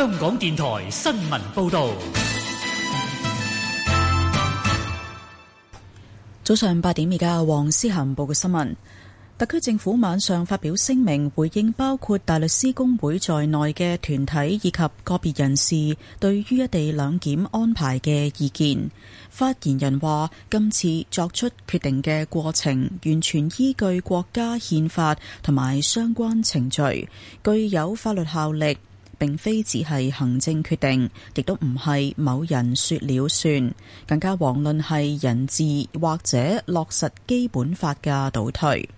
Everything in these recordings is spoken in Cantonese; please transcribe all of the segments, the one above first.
香港電台新聞報道：早上八點，而家黃思嫻報嘅新聞。特區政府晚上發表聲明回應，包括大律師公會在內嘅團體以及個別人士對於一地兩檢安排嘅意見。發言人話：今次作出決定嘅過程完全依據國家憲法同埋相關程序，具有法律效力。並非只係行政決定，亦都唔係某人說了算，更加遑論係人治或者落實基本法嘅倒退。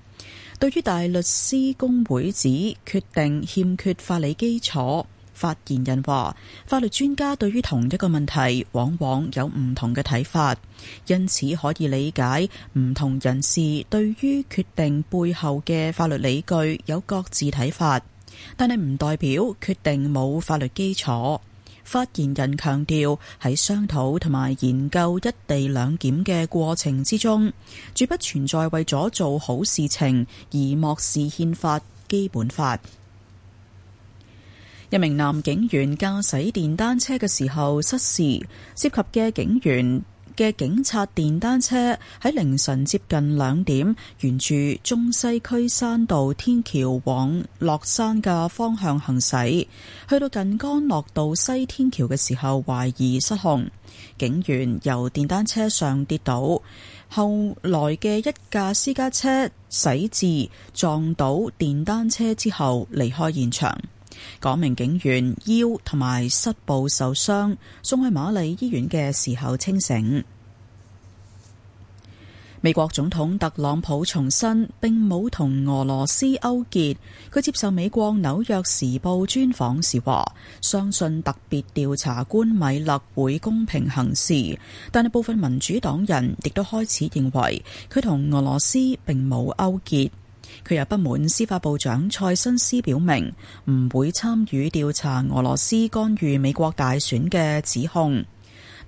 對於大律師公會指決定欠缺法理基礎，發言人話：法律專家對於同一個問題往往有唔同嘅睇法，因此可以理解唔同人士對於決定背後嘅法律理據有各自睇法。但係唔代表決定冇法律基礎。發言人強調，喺商討同埋研究一地兩檢嘅過程之中，絕不存在為咗做好事情而漠視憲法基本法。一名男警員駕駛電單車嘅時候失事，涉及嘅警員。嘅警察電單車喺凌晨接近兩點，沿住中西區山道天橋往落山嘅方向行駛，去到近干諾道西天橋嘅時候，懷疑失控，警員由電單車上跌倒，後來嘅一架私家車駛至撞到電單車之後離開現場。港名警員腰同埋膝部受傷，送去瑪麗醫院嘅時候清醒。美國總統特朗普重申並冇同俄羅斯勾結，佢接受美國紐約時報專訪時話：相信特別調查官米勒會公平行事，但係部分民主黨人亦都開始認為佢同俄羅斯並冇勾結。佢又不滿司法部長塞辛斯表明唔會參與調查俄羅斯干預美國大選嘅指控。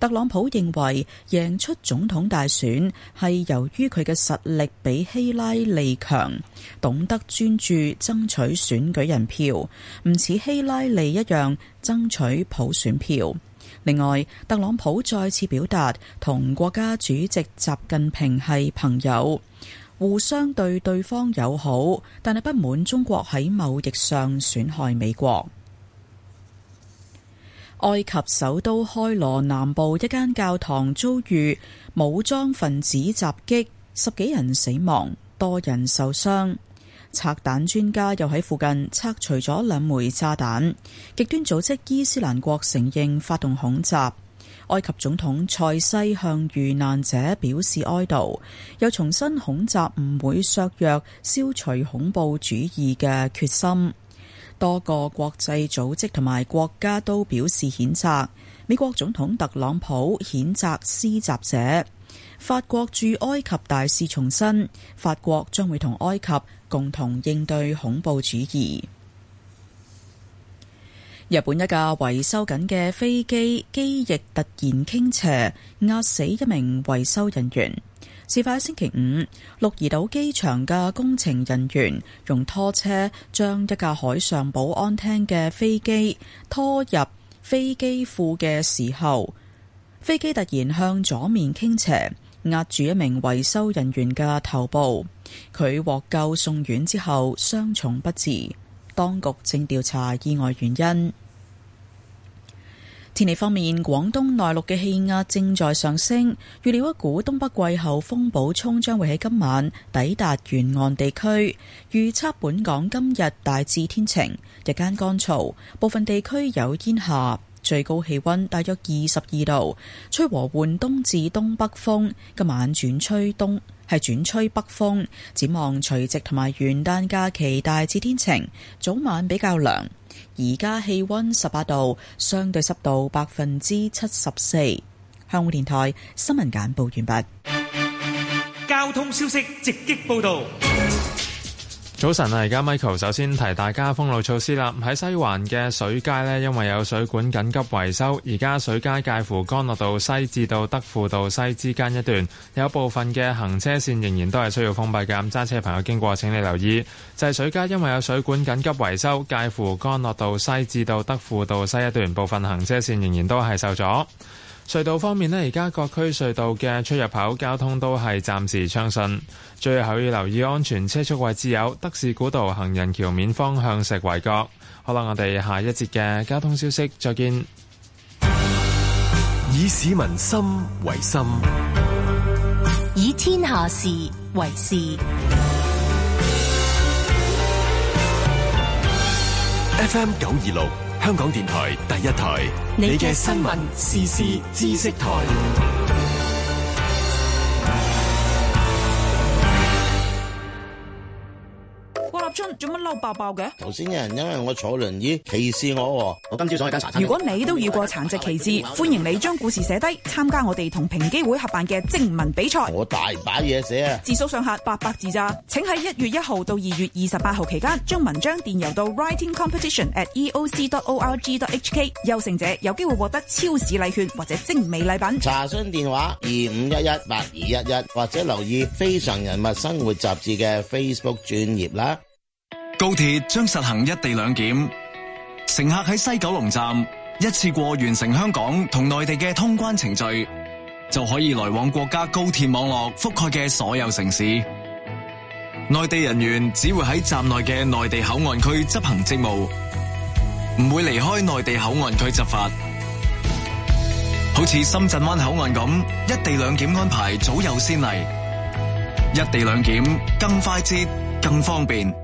特朗普認為贏出總統大選係由於佢嘅實力比希拉利強，懂得專注爭取選舉人票，唔似希拉利一樣爭取普選票。另外，特朗普再次表達同國家主席習近平係朋友。互相對對方友好，但係不滿中國喺貿易上損害美國。埃及首都開羅南部一間教堂遭遇武裝分子襲擊，十幾人死亡，多人受傷。拆彈專家又喺附近拆除咗兩枚炸彈。極端組織伊斯蘭國承認發動恐襲。埃及總統塞西向遇難者表示哀悼，又重申恐襲唔會削弱消除恐怖主義嘅決心。多個國際組織同埋國家都表示譴責。美國總統特朗普譴責施襲者。法國駐埃及大使重申，法國將會同埃及共同應對恐怖主義。日本一架維修緊嘅飛機機翼突然傾斜，壓死一名維修人員。事發喺星期五，鹿兒島機場嘅工程人員用拖車將一架海上保安廳嘅飛機拖入飛機庫嘅時候，飛機突然向左面傾斜，壓住一名維修人員嘅頭部。佢獲救送院之後，傷重不治。當局正調查意外原因。天氣方面，廣東內陸嘅氣壓正在上升，預料一股東北季候風補充將會喺今晚抵達沿岸地區。預測本港今日大致天晴，日間乾燥，部分地區有煙霞，最高氣温大約二十二度，吹和緩東至東北風，今晚轉吹東。係轉吹北風，展望除夕同埋元旦假期大致天晴，早晚比較涼。而家氣溫十八度，相對濕度百分之七十四。香港電台新聞簡報完畢。交通消息直擊報道。早晨啊，而家 Michael 首先提大家封路措施啦。喺西環嘅水街呢，因為有水管緊急維修，而家水街介乎干諾道西至到德輔道西之間一段，有部分嘅行車線仍然都係需要封閉嘅。揸車朋友經過，請你留意。就係、是、水街，因為有水管緊急維修，介乎干諾道西至到德輔道西一段，部分行車線仍然都係受阻。隧道方面呢，而家各區隧道嘅出入口交通都係暫時暢順。最後要留意安全車速位置有德士古道行人橋，面方向石圍角。好啦，我哋下一節嘅交通消息再見。以市民心為心，以天下事為事。F M 九二六。香港電台第一台，你嘅新聞時事知識台。做乜嬲爆爆嘅？頭先有人因為我坐輪椅歧視我。哦，我今朝想去間茶餐廳。如果你都遇過殘疾歧視，歡迎你將故事寫低參加我哋同平機會合辦嘅徵文比賽。我大把嘢寫啊，字數上下八百字咋？請喺一月一號到二月二十八號期間將文章電郵到 writingcompetition@eoc.org.hk a t。優勝者有機會獲得超市禮券或者精美禮品。查詢電話二五一一八二一一，11, 1, 或者留意《非常人物生活雜誌》雜誌嘅 Facebook 專頁啦。高鐵將實行一地兩檢，乘客喺西九龍站一次過完成香港同內地嘅通關程序，就可以來往國家高鐵網絡覆蓋嘅所有城市。內地人員只會喺站內嘅內地口岸區執行職務，唔會離開內地口岸區執法。好似深圳灣口岸咁，一地兩檢安排早有先例，一地兩檢更快捷、更方便。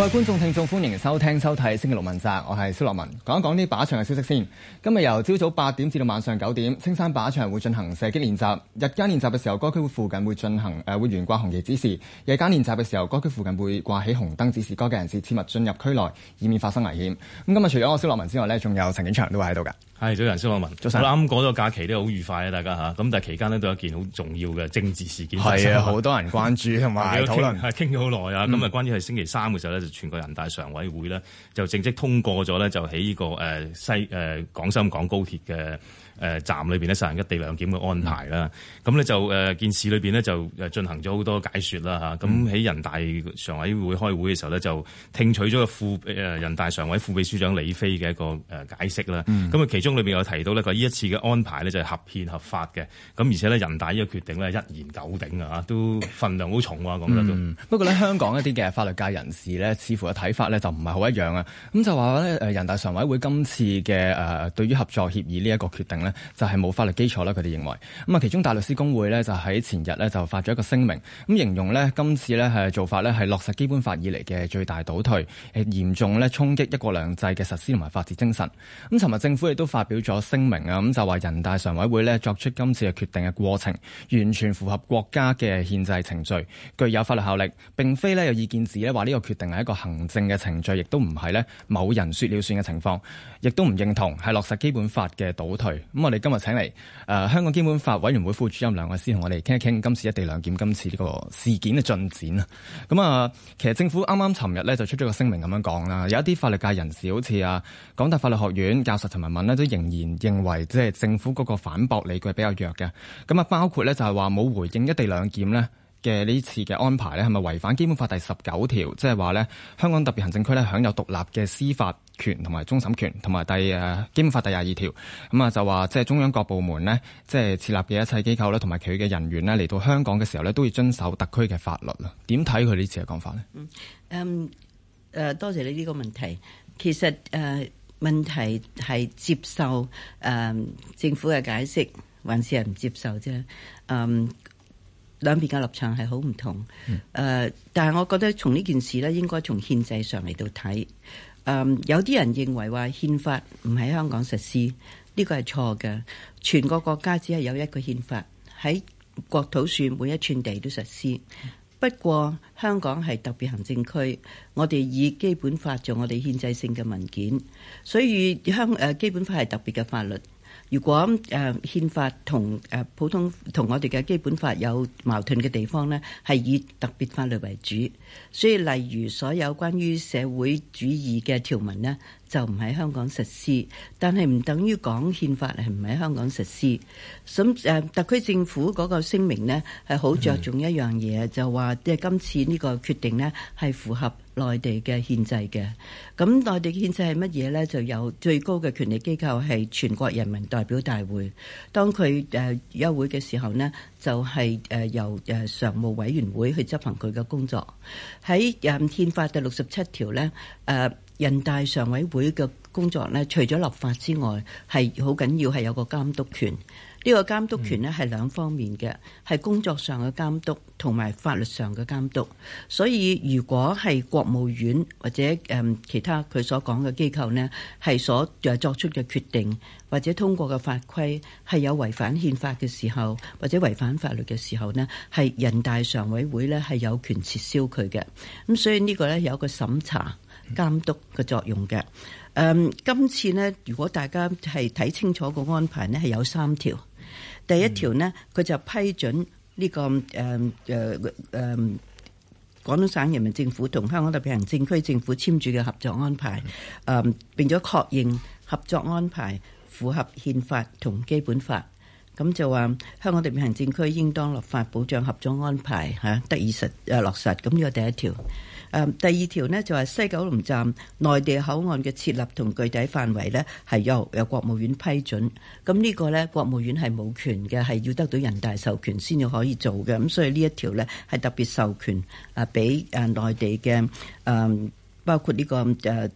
各位觀眾聽眾，歡迎收聽收睇星期六問責，我係蕭樂文，講一講呢靶場嘅消息先。今日由朝早八點至到晚上九點，青山靶場會進行射擊練習。日間練習嘅時候，該區附近會進行誒會懸掛紅旗指示，夜間練習嘅時候，該區附近會掛、呃、起紅燈指示，各界人士切勿進入區內，以免發生危險。咁今日除咗我蕭樂文之外呢，仲有陳景祥都會喺度㗎。係，早晨，蘇柏文。早晨上，啱啱過咗假期都好愉快啊，大家吓。咁但係期間咧都有一件好重要嘅政治事件，係啊，好使多人關注同埋討論，係傾咗好耐啊。咁啊、嗯，於關於係星期三嘅時候咧，就全國人大常委會咧就正式通過咗咧、這個，就喺呢個誒西誒廣、呃、深港高鐵嘅。誒站裏面呢，實行一地兩檢嘅安排啦，咁你、嗯、就誒、呃、件事裏面呢，就進行咗好多解說啦嚇，咁喺、嗯、人大常委會開會嘅時候呢，就聽取咗副誒、呃、人大常委副秘書長李飛嘅一個解釋啦，咁啊、嗯、其中裏面有提到呢佢呢一次嘅安排呢，就係合憲合法嘅，咁而且呢，人大呢個決定呢，一言九鼎啊都份量好重啊。咁啊、嗯嗯、不過呢，香港一啲嘅法律界人士呢，似乎嘅睇法呢，就唔係好一樣啊，咁就話呢誒人大常委會今次嘅誒、呃、對於合作協議呢一個決定呢。就係冇法律基礎啦，佢哋認為。咁啊，其中大律師公會呢，就喺前日呢，就發咗一個聲明，咁形容呢今次呢係做法呢，係落實基本法以嚟，嘅最大倒退，嚴重呢衝擊一國兩制嘅實施同埋法治精神。咁尋日政府亦都發表咗聲明啊，咁就話人大常委會呢作出今次嘅決定嘅過程完全符合國家嘅憲制程序，具有法律效力，並非呢有意見指呢話呢個決定係一個行政嘅程序，亦都唔係呢某人說了算嘅情況，亦都唔認同係落實基本法嘅倒退。咁我哋今日請嚟誒、呃、香港基本法委員會副主任梁愛詩，同我哋傾一傾今次一地兩檢今次呢個事件嘅進展。咁啊，其實政府啱啱尋日咧，就出咗個聲明咁樣講啦，有一啲法律界人士好似啊港大法律學院教授陳文敏呢，都仍然認為即係政府嗰個反駁理據比較弱嘅。咁啊，包括咧就係話冇回應一地兩檢咧。嘅呢次嘅安排呢，係咪違反基本法第十九條，即係話呢，香港特別行政區呢，享有獨立嘅司法權同埋終審權，同埋第誒基本法第廿二條咁啊，就話即係中央各部門呢，即係設立嘅一切機構呢，同埋佢嘅人員呢，嚟到香港嘅時候呢，都要遵守特區嘅法律咯。點睇佢呢次嘅講法呢？嗯誒、嗯，多謝你呢個問題。其實誒、嗯、問題係接受誒、嗯、政府嘅解釋，還是係唔接受啫？嗯。兩邊嘅立場係好唔同，誒、呃，但係我覺得從呢件事咧，應該從憲制上嚟到睇，誒、呃，有啲人認為話憲法唔喺香港實施，呢、這個係錯嘅。全個國家只係有一個憲法，喺國土上每一寸地都實施。不過香港係特別行政區，我哋以基本法做我哋憲制性嘅文件，所以香誒基本法係特別嘅法律。如果咁誒憲法同誒普通同我哋嘅基本法有矛盾嘅地方咧，係以特別法律為主，所以例如所有關於社會主義嘅條文咧，就唔喺香港實施，但係唔等於講憲法係唔喺香港實施。咁誒，特區政府嗰個聲明呢係好着重一樣嘢，就話即係今次呢個決定呢係符合內地嘅憲制嘅。咁內地憲制係乜嘢呢？就有最高嘅權力機構係全國人民代表大會。當佢誒休會嘅時候呢，就係誒由誒常務委員會去執行佢嘅工作。喺誒憲法第六十七條呢。誒。人大常委會嘅工作咧，除咗立法之外，係好緊要，係有個監督權。呢個監督權呢，係兩方面嘅，係工作上嘅監督同埋法律上嘅監督。所以如果係國務院或者誒其他佢所講嘅機構呢，係所作出嘅決定或者通過嘅法規，係有違反憲法嘅時候，或者違反法律嘅時候呢，係人大常委會呢，係有權撤銷佢嘅。咁所以呢個呢，有個審查。監督嘅作用嘅，誒、嗯，今次呢，如果大家係睇清楚個安排呢，係有三條。第一條呢，佢、嗯、就批准呢、呢個誒誒誒廣東省人民政府同香港特別行政區政府簽署嘅合作安排，誒並咗確認合作安排符合憲法同基本法，咁就話香港特別行政區應當立法保障合作安排嚇得以實誒、啊、落實，咁呢個第一條。誒第二條咧就係西九龍站內地口岸嘅設立同具體範圍咧，係由由國務院批准。咁呢個咧，國務院係冇權嘅，係要得到人大授權先至可以做嘅。咁所以呢一條咧係特別授權啊，俾誒內地嘅誒，包括呢個誒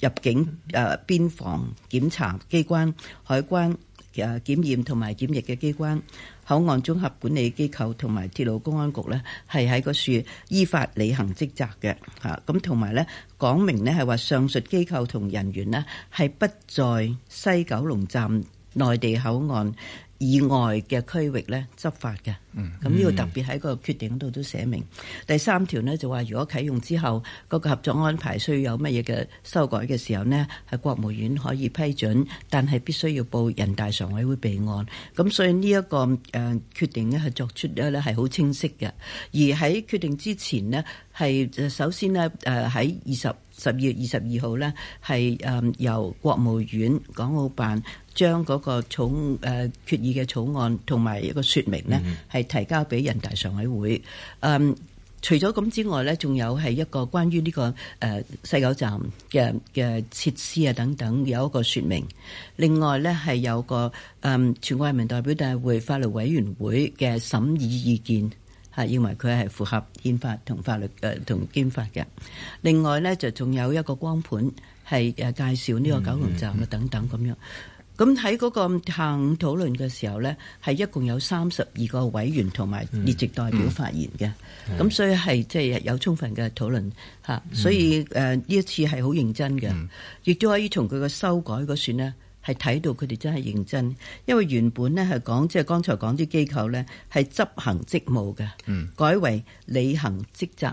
入境誒邊防檢查機關、海關誒檢驗同埋檢疫嘅機關。口岸綜合管理機構同埋鐵路公安局呢，係喺個處依法履行職責嘅嚇，咁同埋呢，講明呢係話上述機構同人員呢係不在西九龍站內地口岸。以外嘅區域咧執法嘅，咁呢個特別喺個決定度都寫明，mm. 第三條呢就話如果啟用之後個合作安排需要有乜嘢嘅修改嘅時候呢，係國務院可以批准，但係必須要報人大常委會備案。咁所以呢、這、一個誒、呃、決定呢，係作出咧係好清晰嘅。而喺決定之前呢，係首先呢，誒喺二十十二月二十二號呢，係誒、呃、由國務院港澳辦。將嗰個草誒、呃、決議嘅草案同埋一個説明呢，係提交俾人大常委會。誒、嗯，除咗咁之外呢，仲有係一個關於呢、這個誒、呃、西九站嘅嘅設施啊等等，有一個説明。另外呢，係有個誒、嗯、全國人民代表大會法律委員會嘅審議意見，係認為佢係符合憲法同法律誒同憲法嘅。另外呢，就仲有一個光盤係誒介紹呢個九龍站啊等等咁樣。嗯嗯嗯咁喺嗰個下午討論嘅時候呢，係一共有三十二個委員同埋列席代表發言嘅，咁、嗯嗯、所以係即係有充分嘅討論、嗯、所以誒呢一次係好認真嘅，亦都、嗯、可以從佢嘅修改嗰段呢，係睇到佢哋真係認真。因為原本呢係講即係剛才講啲機構呢，係執行職務嘅，嗯、改為履行職責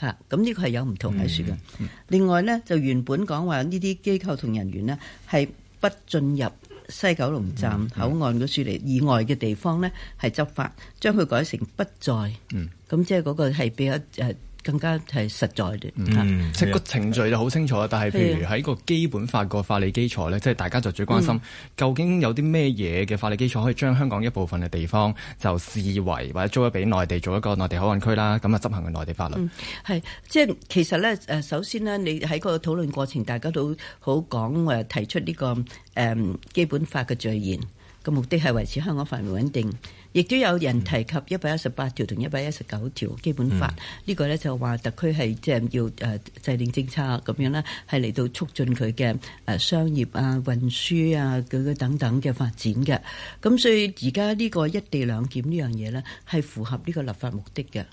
嚇。咁呢個係有唔同解說嘅。嗯嗯、另外呢，就原本講話呢啲機構同人員呢，係不進入。西九龍站口岸嘅樹嚟以外嘅地方咧，係執法，將佢改成不在，嗯咁，即係嗰個係比較誒。更加係實在啲，嗯，即係個程序就好清楚啊。但係，譬如喺個基本法個法理基礎咧，即係的大家就最關心，嗯、究竟有啲咩嘢嘅法理基礎可以將香港一部分嘅地方就視為或者租咗俾內地，做一個內地口岸區啦，咁啊執行嘅內地法律。係、嗯，即係其實咧，誒，首先咧，你喺個討論過程，大家都好講誒，提出呢、這個誒、嗯、基本法嘅序言，個目的係維持香港法律穩定。亦都有人提及一百一十八條同一百一十九條基本法，呢、嗯、個咧就話特區係即係要誒制定政策咁樣啦，係嚟到促進佢嘅誒商業啊、運輸啊、佢嘅等等嘅發展嘅。咁所以而家呢個一地兩檢呢樣嘢咧，係符合呢個立法目的嘅。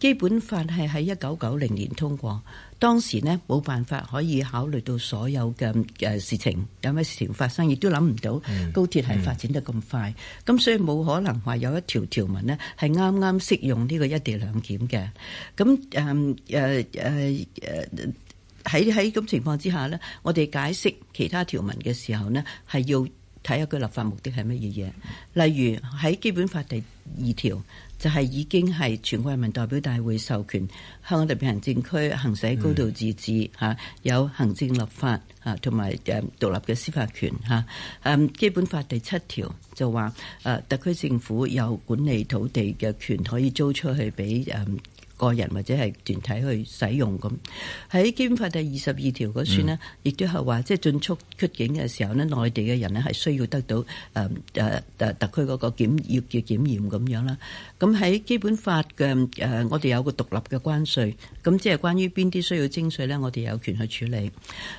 基本法係喺一九九零年通過。當時呢，冇辦法可以考慮到所有嘅誒事情，有咩事情發生，亦都諗唔到高鐵係發展得咁快，咁、嗯嗯、所以冇可能話有一條條文呢係啱啱適用呢個一地兩檢嘅。咁誒誒誒喺喺咁情況之下呢，我哋解釋其他條文嘅時候呢，係要睇下佢立法目的係乜嘢嘢。例如喺基本法第二條。就係已經係全國人民代表大會授權香港特別行政區行使高度自治嚇，有行政立法嚇，同埋誒獨立嘅司法權嚇。誒基本法第七條就話誒，特區政府有管理土地嘅權，可以租出去畀誒。個人或者係團體去使用咁，喺基本法第二十二條嗰處咧，亦都係話即係進出出境嘅時候咧，內地嘅人咧係需要得到誒誒、呃、特區嗰個檢驗嘅檢驗咁樣啦。咁喺基本法嘅誒、呃，我哋有個獨立嘅關稅，咁即係關於邊啲需要徵稅呢？我哋有權去處理。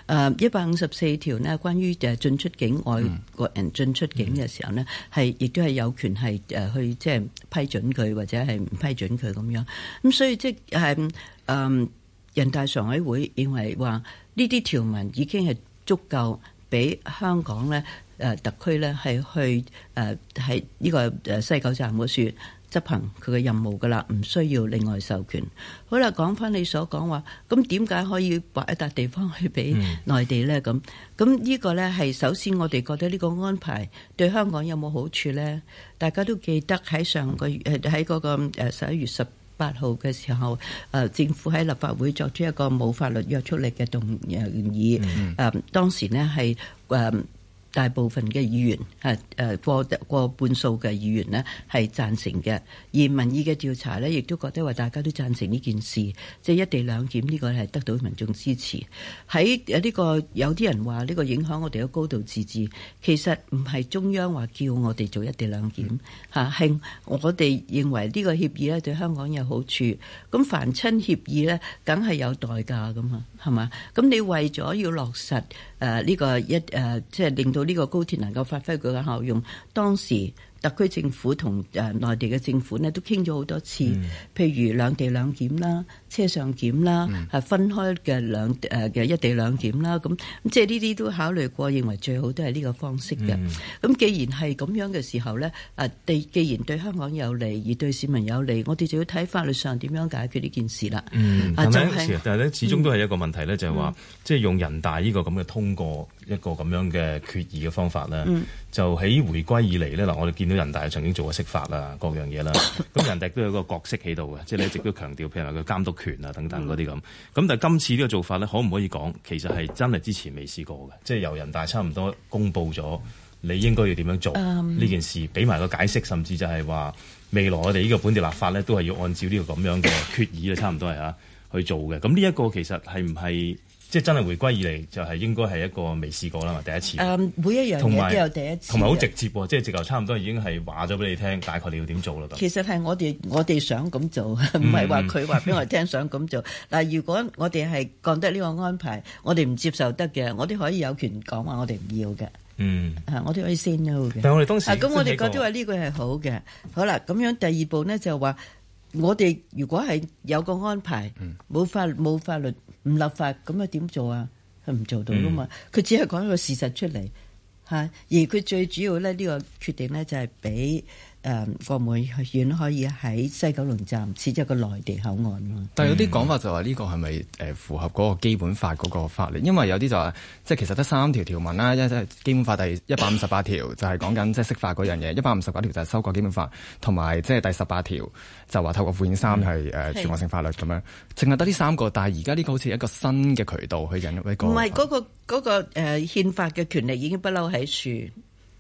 誒一百五十四條呢，關於誒進出境，外國人進出境嘅時候呢，係亦、嗯、都係有權係誒、呃、去即係、就是、批准佢或者係唔批准佢咁樣。咁所以。即係嗯，人大常委會認為話呢啲條文已經係足夠俾香港咧誒、呃，特區咧係去誒喺呢個誒西九站 𠮶 處執行佢嘅任務噶啦，唔需要另外授權。好啦，講翻你所講話，咁點解可以劃一笪地方去俾內地咧？咁咁呢個咧係首先我哋覺得呢個安排對香港有冇好處咧？大家都記得喺上個月誒喺嗰個誒十一月十八號嘅時候，誒政府喺立法會作出一個冇法律約束力嘅動議，誒、mm hmm. 當時呢，係誒。大部分嘅議員啊，誒過過半數嘅議員咧係贊成嘅，而民意嘅調查咧，亦都覺得話大家都贊成呢件事，即係一地兩檢呢個係得到民眾支持。喺誒，呢個有啲人話呢個影響我哋嘅高度自治，其實唔係中央話叫我哋做一地兩檢吓，係我哋認為呢個協議咧對香港有好處，咁凡親協議咧，梗係有代價噶嘛，係嘛？咁你為咗要落實誒呢個一誒即係令到。呢個高鐵能夠發揮佢嘅效用，當時特區政府同誒內地嘅政府呢都傾咗好多次，嗯、譬如兩地兩檢啦、車上檢啦，係、嗯啊、分開嘅兩誒嘅一地兩檢啦，咁、嗯、即係呢啲都考慮過，認為最好都係呢個方式嘅。咁、嗯、既然係咁樣嘅時候呢，誒、啊、地既，既然對香港有利，而對市民有利，我哋就要睇法律上點樣解決呢件事啦。咁、嗯啊、但係呢、嗯，始終都係一個問題呢，就係、係、話、嗯嗯、即係用人大呢個咁嘅通過。一個咁樣嘅決議嘅方法呢，嗯、就喺回歸以嚟咧嗱，我哋見到人大曾經做過釋法啦各樣嘢啦，咁、嗯、人大都有個角色喺度嘅，即係你一直都強調，譬如話個監督權啊等等嗰啲咁。咁、嗯、但係今次呢個做法咧，可唔可以講其實係真係之前未試過嘅，即係由人大差唔多公布咗，你應該要點樣做呢件事，俾埋、嗯、個解釋，甚至就係話未來我哋呢個本地立法咧，都係要按照呢個咁樣嘅決議就差唔多係嚇去做嘅。咁呢一個其實係唔係？即係真係回歸以嚟，就係應該係一個未試過啦嘛，第一次。誒，每一樣嘢都有第一次。同埋好直接喎，即係直頭差唔多已經係話咗俾你聽，大概你要點做啦。其實係我哋我哋想咁做，唔係話佢話俾我哋聽想咁做。嗱，如果我哋係講得呢個安排，我哋唔接受得嘅，我哋可以有權講話我哋唔要嘅。嗯，係，我哋可以 say no 嘅。但係我哋當時啊，咁我哋覺得話呢個係好嘅。好啦，咁樣第二步呢就話我哋如果係有個安排，冇法冇法律。唔立法咁啊？點做啊？佢唔做到噶嘛？佢、嗯、只係講一個事實出嚟嚇，而佢最主要咧呢個決定咧就係俾。誒、嗯、國務院可以喺西九龍站設一個內地口岸但有啲講法就話呢個係咪符合嗰個基本法嗰個法律，因為有啲就話即係其實得三條條文啦，一係基本法第一百五十八條就係講緊即係釋法嗰樣嘢，一百五十八條就係修改基本法，同埋即係第十八條就話透過附件三係全國性法律咁樣，淨係得呢三個。但係而家呢個好似一個新嘅渠道去引入一個,、那個。唔係嗰個嗰個憲法嘅權力已經不嬲喺處。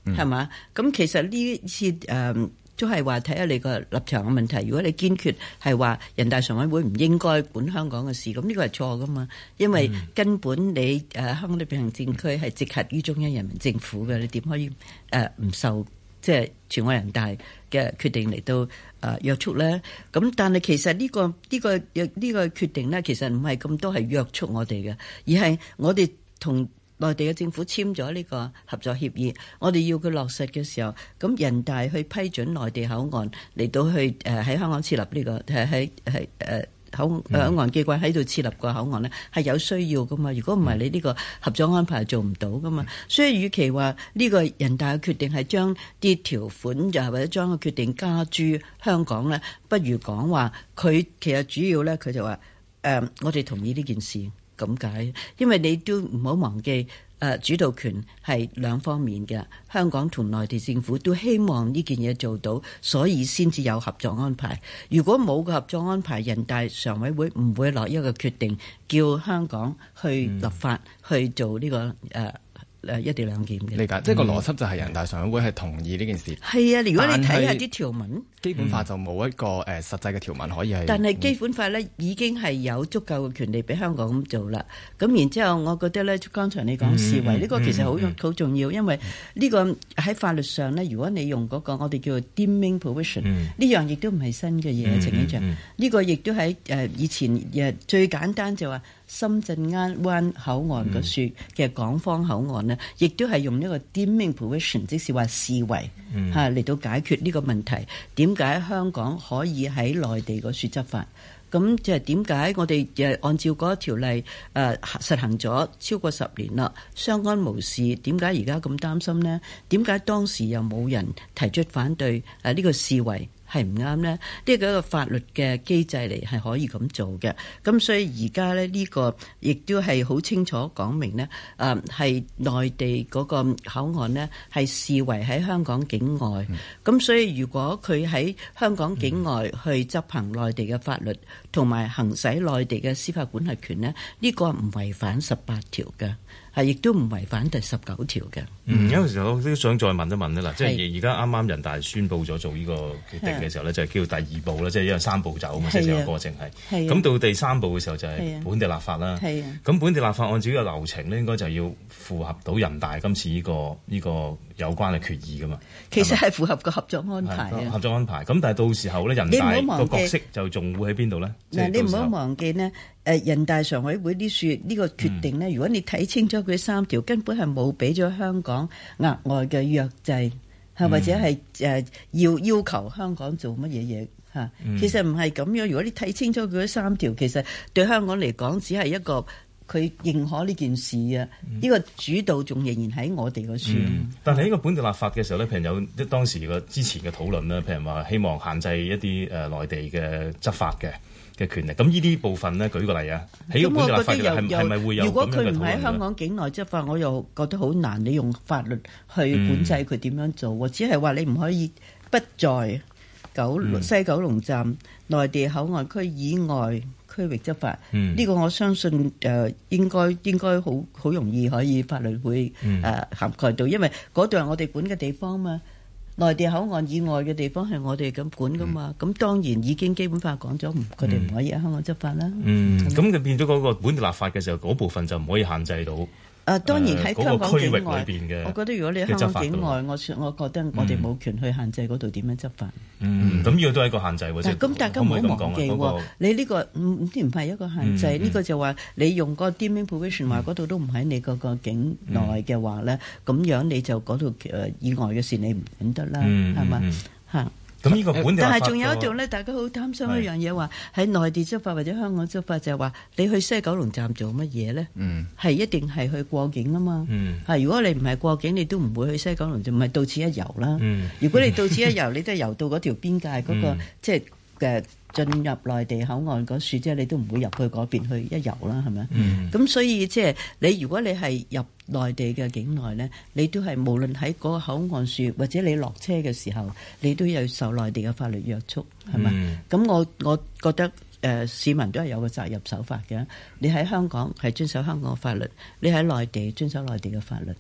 係嘛？咁、嗯嗯、其實呢次誒、嗯，都係話睇下你個立場嘅問題。如果你堅決係話人大常委會唔應該管香港嘅事，咁呢個係錯噶嘛？因為根本你誒、啊、香港特別行政區係直轄於中央人民政府嘅，你點可以誒唔、啊、受即係、就是、全國人大嘅決定嚟到誒約束咧？咁但係其實呢、這個呢、這個呢、這個決定咧，其實唔係咁多係約束我哋嘅，而係我哋同。內地嘅政府簽咗呢個合作協議，我哋要佢落實嘅時候，咁人大去批准內地口岸嚟到去誒喺、呃、香港設立呢、呢個誒喺係誒口口岸機關喺度設立個口岸咧，係有需要噶嘛？如果唔係，你呢個合作安排做唔到噶嘛？所以，與其話呢、呢個人大嘅決定係將啲條款就或者將個決定加諸香港咧，不如講話佢其實主要咧佢就話誒、呃，我哋同意呢件事。咁解，因為你都唔好忘記，誒，主導權係兩方面嘅。香港同內地政府都希望呢件嘢做到，所以先至有合作安排。如果冇個合作安排，人大常委會唔會落一個決定，叫香港去立法去做呢個誒？嗯誒一地兩檢嘅理解，即係個邏輯就係人大常委會係同意呢件事。係、嗯、啊，如果你睇下啲條文，基本法就冇一個誒、呃、實際嘅條文可以係。但係基本法咧、嗯、已經係有足夠嘅權利俾香港咁做啦。咁然之後，我覺得咧剛才你講思維呢個其實好好、嗯嗯、重要，因為呢個喺法律上咧，如果你用嗰、那個我哋叫做 deeming provision，呢、嗯、樣亦都唔係新嘅嘢，情議長。呢、嗯嗯、個亦都喺誒以前誒、呃、最簡單就話、是。深圳灣口岸嘅説，嘅、嗯、港方口岸呢，亦都係用一個 deeming provision，即是話視為嚇嚟到解決呢個問題。點解香港可以喺內地個説執法？咁即係點解我哋誒按照嗰條例誒、啊、實行咗超過十年啦，相安無事，點解而家咁擔心呢？點解當時又冇人提出反對誒呢個視為？係唔啱呢？呢個一個法律嘅機制嚟，係可以咁做嘅。咁所以而家咧，呢個亦都係好清楚講明呢，誒係內地嗰個口岸呢，係視為喺香港境外。咁所以如果佢喺香港境外去執行內地嘅法律，同埋行使內地嘅司法管轄權呢，呢個唔違反十八條嘅。係，亦都唔違反第十九條嘅。嗯，有陣時候我都想再問一問啊啦，係的即係而家啱啱人大宣布咗做呢個決定嘅時候咧，的就係叫第二步啦，即係因為三步走嘛。即係的個過程係。咁的到第三步嘅時候就係本地立法啦。係啊的。咁本地立法按照呢個流程咧，應該就要符合到人大今次呢個呢個。呢個有關嘅決議㗎嘛，其實係符合個合作安排，合作安排。咁但係到時候咧，人大個角色就仲會喺邊度咧？嗱，你唔好忘記咧，誒人大常委會啲説呢個決定咧，如果你睇清楚佢三條，根本係冇俾咗香港額外嘅約制，嚇或者係誒要要求香港做乜嘢嘢嚇。其實唔係咁樣，如果你睇清楚佢三條，其實對香港嚟講只係一個。佢認可呢件事啊，呢、呢個主導仲仍然喺我哋個處、嗯。但係呢個本地立法嘅時候咧，譬如有即當時個之前嘅討論啦，譬如話希望限制一啲誒、呃、內地嘅執法嘅嘅權力。咁呢啲部分咧，舉個例啊，喺個本地立法係咪、嗯嗯、會有如果佢唔喺香港境內執法，我又覺得好難你用法律去管制佢點樣做。只係話你唔可以不在九、嗯、西九龍站內地口岸區以外。區域執法呢個我相信誒應該應該好好容易可以法律會誒涵蓋到，因為嗰度係我哋管嘅地方嘛。內地口岸以外嘅地方係我哋咁管㗎嘛，咁當然已經基本法講咗，佢哋唔可以喺香港執法啦。嗯，咁就變咗嗰個本地立法嘅時候，嗰部分就唔可以限制到。誒，當然喺香港區域裏邊嘅，我覺得如果你喺香港境外，我我覺得我哋冇權去限制嗰度點樣執法。嗯，咁呢個都係一個限制。咁大家唔好忘記，你呢個唔唔係一個限制，呢個就話你用嗰個 deeming provision 話嗰度都唔喺你嗰個境內嘅話咧，咁樣你就嗰度誒以外嘅事你唔得啦，係嘛吓。咁呢個本但係仲有一條咧，大家好擔心一樣嘢，話喺是內地執法或者香港執法就係話，你去西九龍站做乜嘢咧？嗯，係一定係去過境啊嘛。嗯，如果你唔係過境，你都唔會去西九龍站，唔係到此一遊啦。嗯，嗯，如果你到此一遊， 你都游到嗰條邊界嗰、嗰個即係嘅。嗯就是 uh, 進入內地口岸嗰處，即係，你都唔會入去嗰邊去一遊啦，係咪？咁、mm. 所以即係你，如果你係入內地嘅境內咧，你都係無論喺嗰個口岸處，或者你落車嘅時候，你都要受內地嘅法律約束，係咪？咁、mm. 我我覺得誒、呃、市民都係有個責任守法嘅。你喺香港係遵守香港嘅法律，你喺內地遵守內地嘅法律。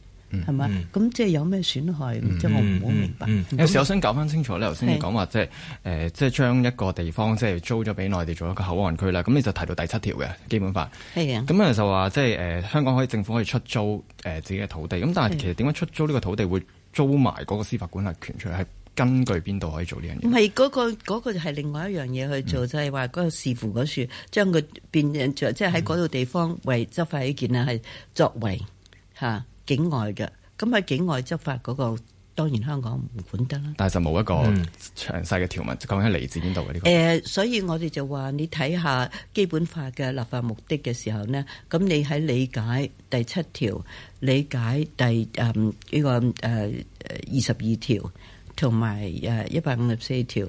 係嘛？咁、嗯、即係有咩損害？嗯、即係我唔好明白。有時我想搞翻清楚，你頭先講話是即係誒、呃，即係將一個地方即係租咗俾內地做一個口岸區啦。咁你就提到第七條嘅基本法。係啊。咁啊就話即係誒、呃，香港可以政府可以出租誒、呃、自己嘅土地。咁但係其實點解出租呢個土地會租埋嗰個司法管轄權出嚟？係根據邊度可以做呢樣嘢？唔係嗰個就、那個係另外一樣嘢去做，嗯、就係話嗰個視乎嗰處將佢變即係喺嗰個地方為執法起見啊，係作為嚇。境外嘅，咁喺境外執法嗰個，當然香港唔管得啦。但係就冇一個詳細嘅條文，究竟係嚟自邊度嘅呢個？誒，所以我哋就話你睇下基本法嘅立法目的嘅時候咧，咁你喺理解第七條、理解第誒呢個誒二十二條同埋誒一百五十四條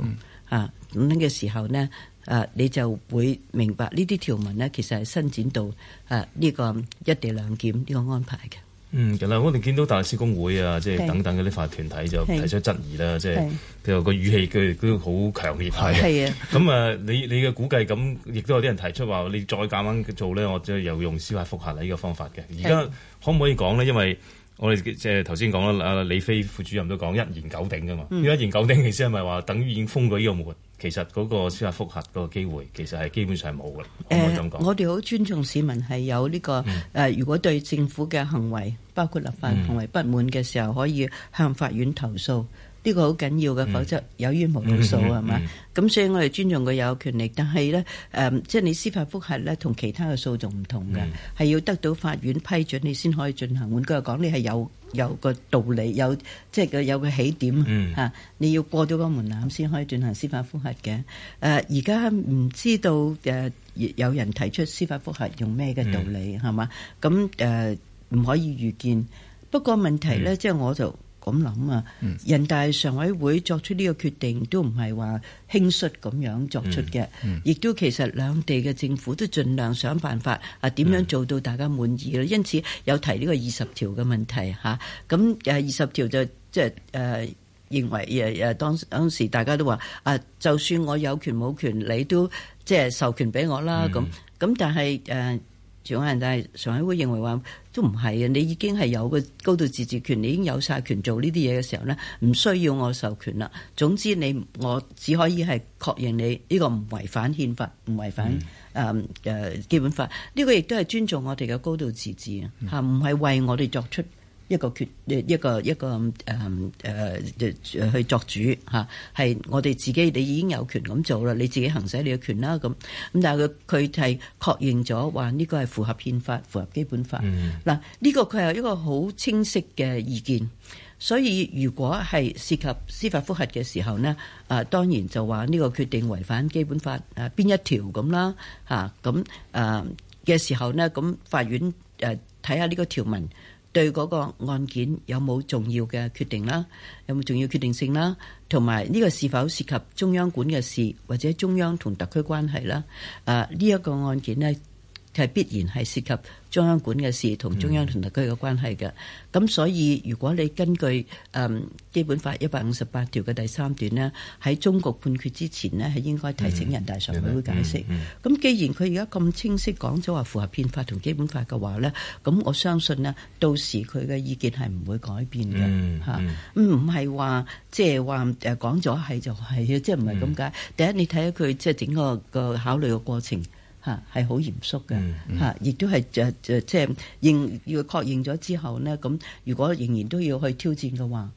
啊咁嘅時候咧，誒你就會明白呢啲條文咧，其實係伸展到誒呢個一地兩檢呢個安排嘅。嗯，咁啦，我哋見到大律師公會啊，即係等等嗰啲法律團體就提出質疑啦，即係佢個語氣佢都好強烈。係啊，咁啊、嗯嗯，你你嘅估計咁，亦都有啲人提出話，你再咁樣做咧，我即係又用司法復核啦呢個方法嘅。而家可唔可以講咧？因為我哋即係頭先講啦，阿李飛副主任都講一言九鼎噶嘛。一言九鼎其實係咪話等於已經封咗呢個門？其實嗰個司法復核嗰個機會，其實係基本上冇㗎啦。呃、麼我哋好尊重市民係有呢、呢個、嗯呃、如果對政府嘅行為，包括立法行為不滿嘅時候，嗯、可以向法院投訴。呢個好緊要嘅，否則有冤無路訴係嘛？咁所以我哋尊重佢有權利，但係咧誒，即、嗯、係、就是、你司法複核咧同其他嘅訴訟唔同嘅，係、嗯、要得到法院批准你先可以進行。換句話講你係有有個道理，有即係、就是、有個起點嚇、嗯，你要過到個門檻先可以進行司法複核嘅。誒而家唔知道誒有人提出司法複核用咩嘅道理係嘛？咁誒唔可以預見。不過問題咧，即係、嗯、我就。咁諗啊！人大常委會作出呢個決定都唔係話輕率咁樣作出嘅，亦、嗯嗯、都其實兩地嘅政府都盡量想辦法啊，點樣做到大家滿意咧？嗯、因此有提呢個二十條嘅問題嚇，咁誒二十條就即係誒認為誒誒當當時大家都話啊，就算我有權冇權，你都即係授權俾我啦咁，咁、嗯、但係誒。啊全部人但係常委會認為話都唔係啊！你已經係有個高度自治權，你已經有曬權做呢啲嘢嘅時候咧，唔需要我授權啦。總之你我只可以係確認你呢個唔違反憲法，唔違反誒誒基本法。嗯，呢個亦都係尊重我哋嘅高度自治啊！嚇，唔係為我哋作出。一個決，一個一個誒誒、嗯呃、去作主嚇，係、啊、我哋自己，你已經有權咁做啦，你自己行使你嘅權啦咁。咁但係佢佢係確認咗話呢個係符合憲法、符合基本法。嗱、嗯，呢、啊呢個佢係一個好清晰嘅意見。所以如果係涉及司法覆核嘅時候呢，啊當然就話呢個決定違反基本法啊邊一條咁啦嚇，咁啊嘅、啊、時候呢，咁、啊、法院誒睇下呢個條文。對嗰個案件有冇重要嘅決定啦？有冇重要決定性啦？同埋呢個是否涉及中央管嘅事，或者中央同特區關係啦？啊，呢一個案件呢。係必然係涉及中央管嘅事同中央同特區嘅關係嘅，咁、嗯、所以如果你根據誒、嗯、基本法一百五十八條嘅第三段呢，喺終局判決之前呢，係應該提請人大常委會解釋。咁、嗯嗯嗯、既然佢而家咁清晰講咗話符合憲法同基本法嘅話呢，咁我相信呢，到時佢嘅意見係唔會改變嘅嚇，唔係話即係話誒講咗係就係即係唔係咁解？就是是嗯、第一你睇下佢即係整個個考慮嘅過程。吓，係好嚴肅嘅吓，亦、嗯嗯、都係就就即係認要確認咗之後咧，咁如果仍然都要去挑戰嘅話。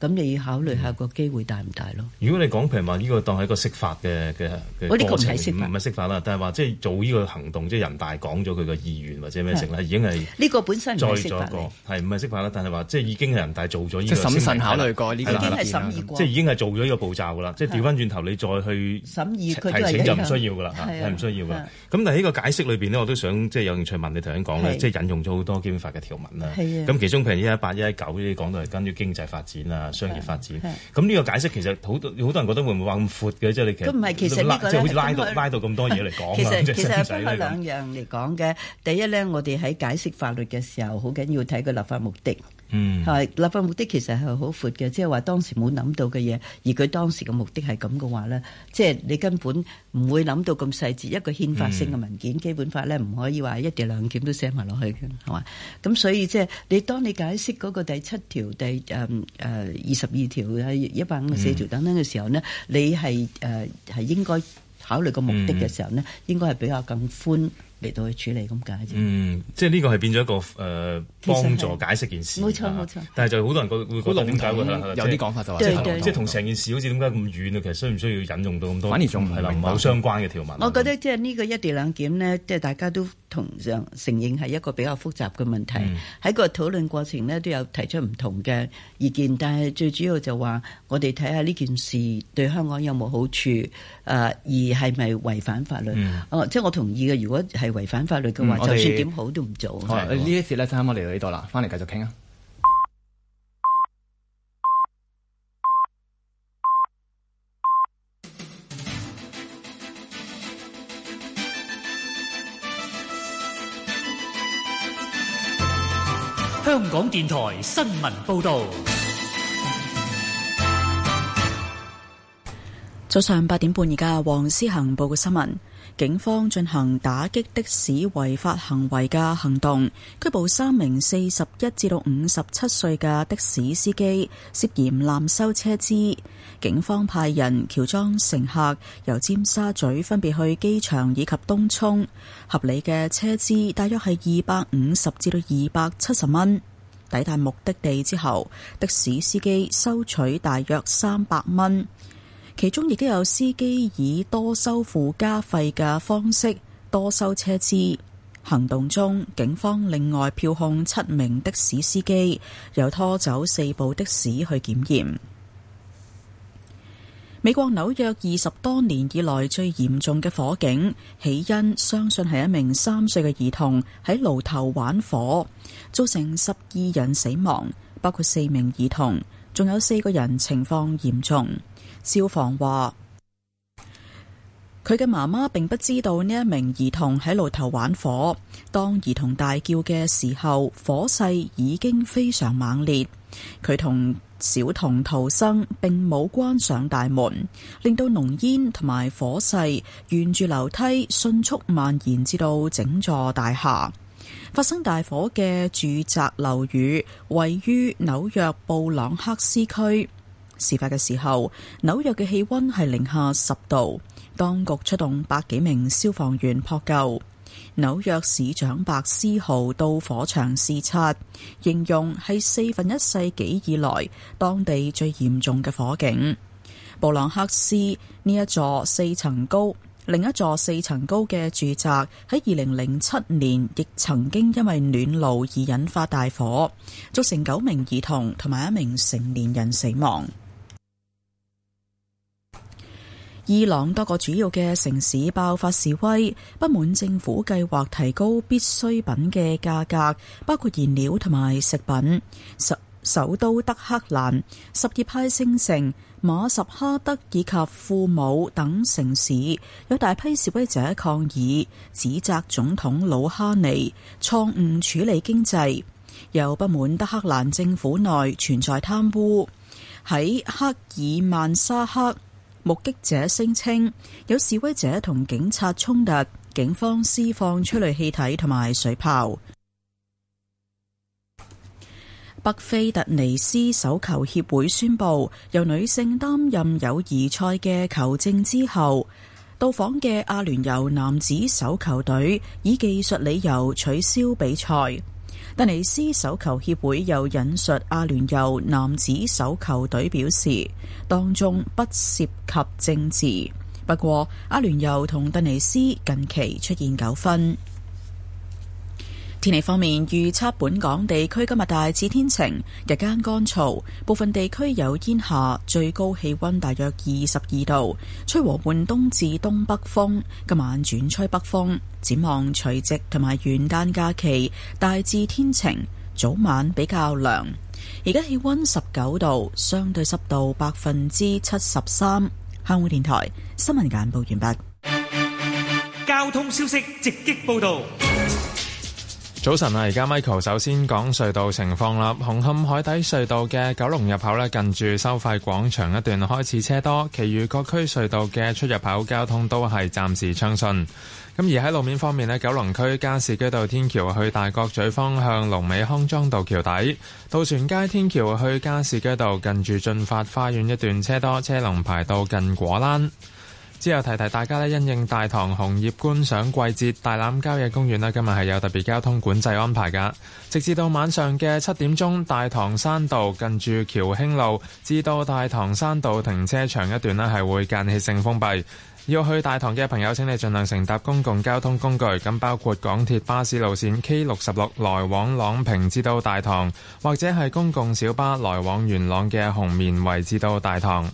咁你要考慮下個機會大唔大咯？如果你講譬如話呢個當係一個釋法嘅嘅，我呢個唔係釋法，唔係釋法啦。但係話即係做呢個行動，即係人大講咗佢嘅意願或者咩成已經係，呢個本身唔係再做一個係唔係釋法啦？但係話即係已經係人大做咗呢個審慎考慮過，呢啲已經係審即係已經係做咗一個步驟噶啦。即係調翻轉頭，你再去審議提請就唔需要噶啦，係唔需要噶。咁但係呢個解釋裏邊呢，我都想即係有興趣問你頭先講咧，即係引用咗好多基本法嘅條文啦。咁其中譬如一一八、一一九呢啲講到係根於經濟發展啊。商業發展，咁呢個解釋其實好多好多人覺得會唔會話咁闊嘅？即係你其實都唔係，其實個即係好似拉到拉到咁多嘢嚟講，其實分兩樣嚟講嘅。 第一咧，我哋喺解釋法律嘅時候，好緊要睇個立法目的。嗯，係立法目的其實係好闊嘅，即係話當時冇諗到嘅嘢，而佢當時嘅目的係咁嘅話咧，即係你根本唔會諗到咁細節，一個憲法性嘅文件，嗯《基本法》咧唔可以話一地兩檢都寫埋落去嘅，係嘛？咁所以即係你當你解釋嗰個第七條、第誒誒二十二條、喺一百五十四條等等嘅時候咧，你係誒係應該考慮個目的嘅時候咧，嗯、應該係比較更寬。嚟到去處理咁解嗯，即係呢個係變咗一個誒、呃、幫助解釋件事。冇錯冇錯。錯但係就好多人會覺會得好諷刺、就是、有啲講法對對對就話即係同成件事好似點解咁遠啊？其實需唔需要引用到咁多？反而仲唔係好相關嘅條文。我覺得即係呢個一地兩檢呢，即、就、係、是、大家都。同樣承認係一個比較複雜嘅問題，喺、嗯、個討論過程咧都有提出唔同嘅意見，但係最主要就話我哋睇下呢件事對香港有冇好處，啊、呃、而係咪違反法律？嗯、哦，即係我同意嘅，如果係違反法律嘅話，嗯、就算點好都唔做。呢一次咧，今晚我嚟到呢度啦，翻嚟繼續傾啊。香港電台新聞報道。早上八點半現在，而家黃思恒報嘅新聞。警方進行打擊的士違法行為嘅行動，拘捕三名四十一至到五十七歲嘅的士司機，涉嫌濫收車資。警方派人喬裝乘客，由尖沙咀分別去機場以及東涌，合理嘅車資大約係二百五十至到二百七十蚊。抵達目的地之後，的士司機收取大約三百蚊。其中亦都有司機以多收附加費嘅方式多收車資。行動中，警方另外票控七名的士司機，又拖走四部的士去檢驗。美國紐約二十多年以來最嚴重嘅火警，起因相信係一名三歲嘅兒童喺爐頭玩火，造成十二人死亡，包括四名兒童，仲有四個人情況嚴重。消防話：佢嘅媽媽並不知道呢一名兒童喺路頭玩火。當兒童大叫嘅時候，火勢已經非常猛烈。佢同小童逃生，並冇關上大門，令到濃煙同埋火勢沿住樓梯迅速蔓延至到整座大廈。發生大火嘅住宅樓宇位於紐約布朗克斯區。事發嘅時候，紐約嘅氣溫係零下十度，當局出動百幾名消防員撲救。紐約市長白思豪到火場視察，形容係四分一世紀以來當地最嚴重嘅火警。布朗克斯呢一座四層高、另一座四層高嘅住宅喺二零零七年亦曾經因為暖爐而引發大火，造成九名兒童同埋一名成年人死亡。伊朗多個主要嘅城市爆發示威，不滿政府計劃提高必需品嘅價格，包括燃料同埋食品。首首都德黑蘭、什葉派聖城馬什哈德以及庫姆等城市有大批示威者抗議，指責總統魯哈尼錯誤處理經濟，又不滿德黑蘭政府內存在貪污。喺克爾曼沙克。目擊者聲稱有示威者同警察衝突，警方施放催淚氣體同埋水炮。 北非特尼斯手球協會宣布由女性擔任友誼賽嘅球證之後，到訪嘅阿聯酋男子手球隊以技術理由取消比賽。突尼斯手球協會又引述阿聯酋男子手球隊表示，當中不涉及政治。不過，阿聯酋同突尼斯近期出現糾紛。天氣方面預測，預測本港地區今日大致天晴，日間乾燥，部分地區有煙霞，最高氣温大約二十二度，吹和緩東至東北風，今晚轉吹北風。展望除夕同埋元旦假期，大致天晴，早晚比較涼。而家氣溫十九度，相對濕度百分之七十三。香港電台新聞簡報完畢。交通消息直擊報道。早晨啊！而家 Michael 首先講隧道情況啦。紅磡海底隧道嘅九龍入口呢，近住收費廣場一段開始車多，其餘各區隧道嘅出入口交通都係暫時暢順。咁而喺路面方面呢，九龍區加士居道天橋去大角咀方向龍尾康莊道橋底、渡船街天橋去加士居道近住駿發花園一段車多，車龍排到近果欄。之後提提大家，因應大棠紅葉觀賞季節，大欖郊野公園今日係有特別交通管制安排㗎，直至到晚上嘅七點鐘，大棠山道近住橋興路至到大棠山道停車場一段咧係會間歇性封閉。要去大棠嘅朋友，請你盡量乘搭公共交通工具，咁包括港鐵巴士路線 K 六十六來往朗屏至到大棠，或者係公共小巴來往元朗嘅紅棉圍至到大棠。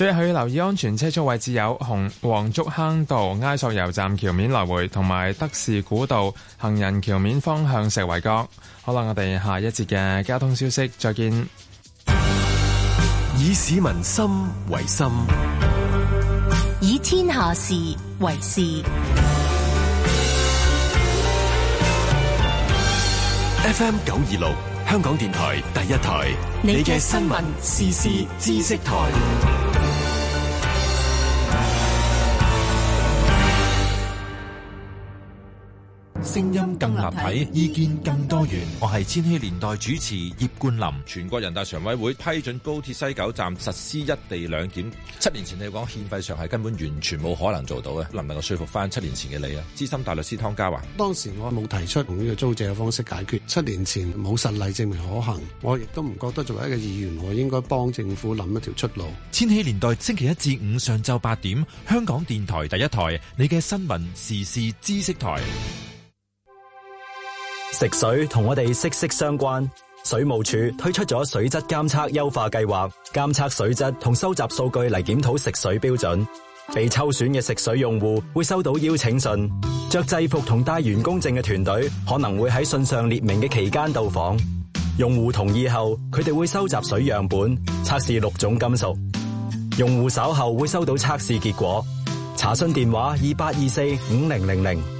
最後要留意安全車速位置有紅黃竹坑道、埃索油站橋面來回，同埋德士古道行人橋面方向石圍角。好啦，我哋下一節嘅交通消息再見。以市民心為心，以天下事為事。FM 九二六，香港電台第一台，你嘅新聞、新聞時事、知識台。聲音更立體，意見更多元。我係千禧年代主持葉冠霖。全國人大常委會批准高鐵西九站實施一地兩檢。七年前你講欠費上係根本完全冇可能做到嘅，能唔能夠說服翻七年前嘅你啊？資深大律師湯家驊，當時我冇提出用呢個租借嘅方式解決。七年前冇實例證明可行，我亦都唔覺得作為一個議員，我應該幫政府諗一條出路。千禧年代星期一至五上晝八點，香港電台第一台，你嘅新聞時事知識台。食水同我哋息息相關，水務署推出咗水質監測優化計劃，監測水質同收集數據嚟檢討食水標準。被抽選嘅食水用戶會收到邀請信，着制服同帶員工證嘅團隊可能會喺信上列明嘅期間到訪。用戶同意後，佢哋會收集水樣本，測試六種金屬。用戶稍後會收到測試結果，查詢電話二八二四五零零零。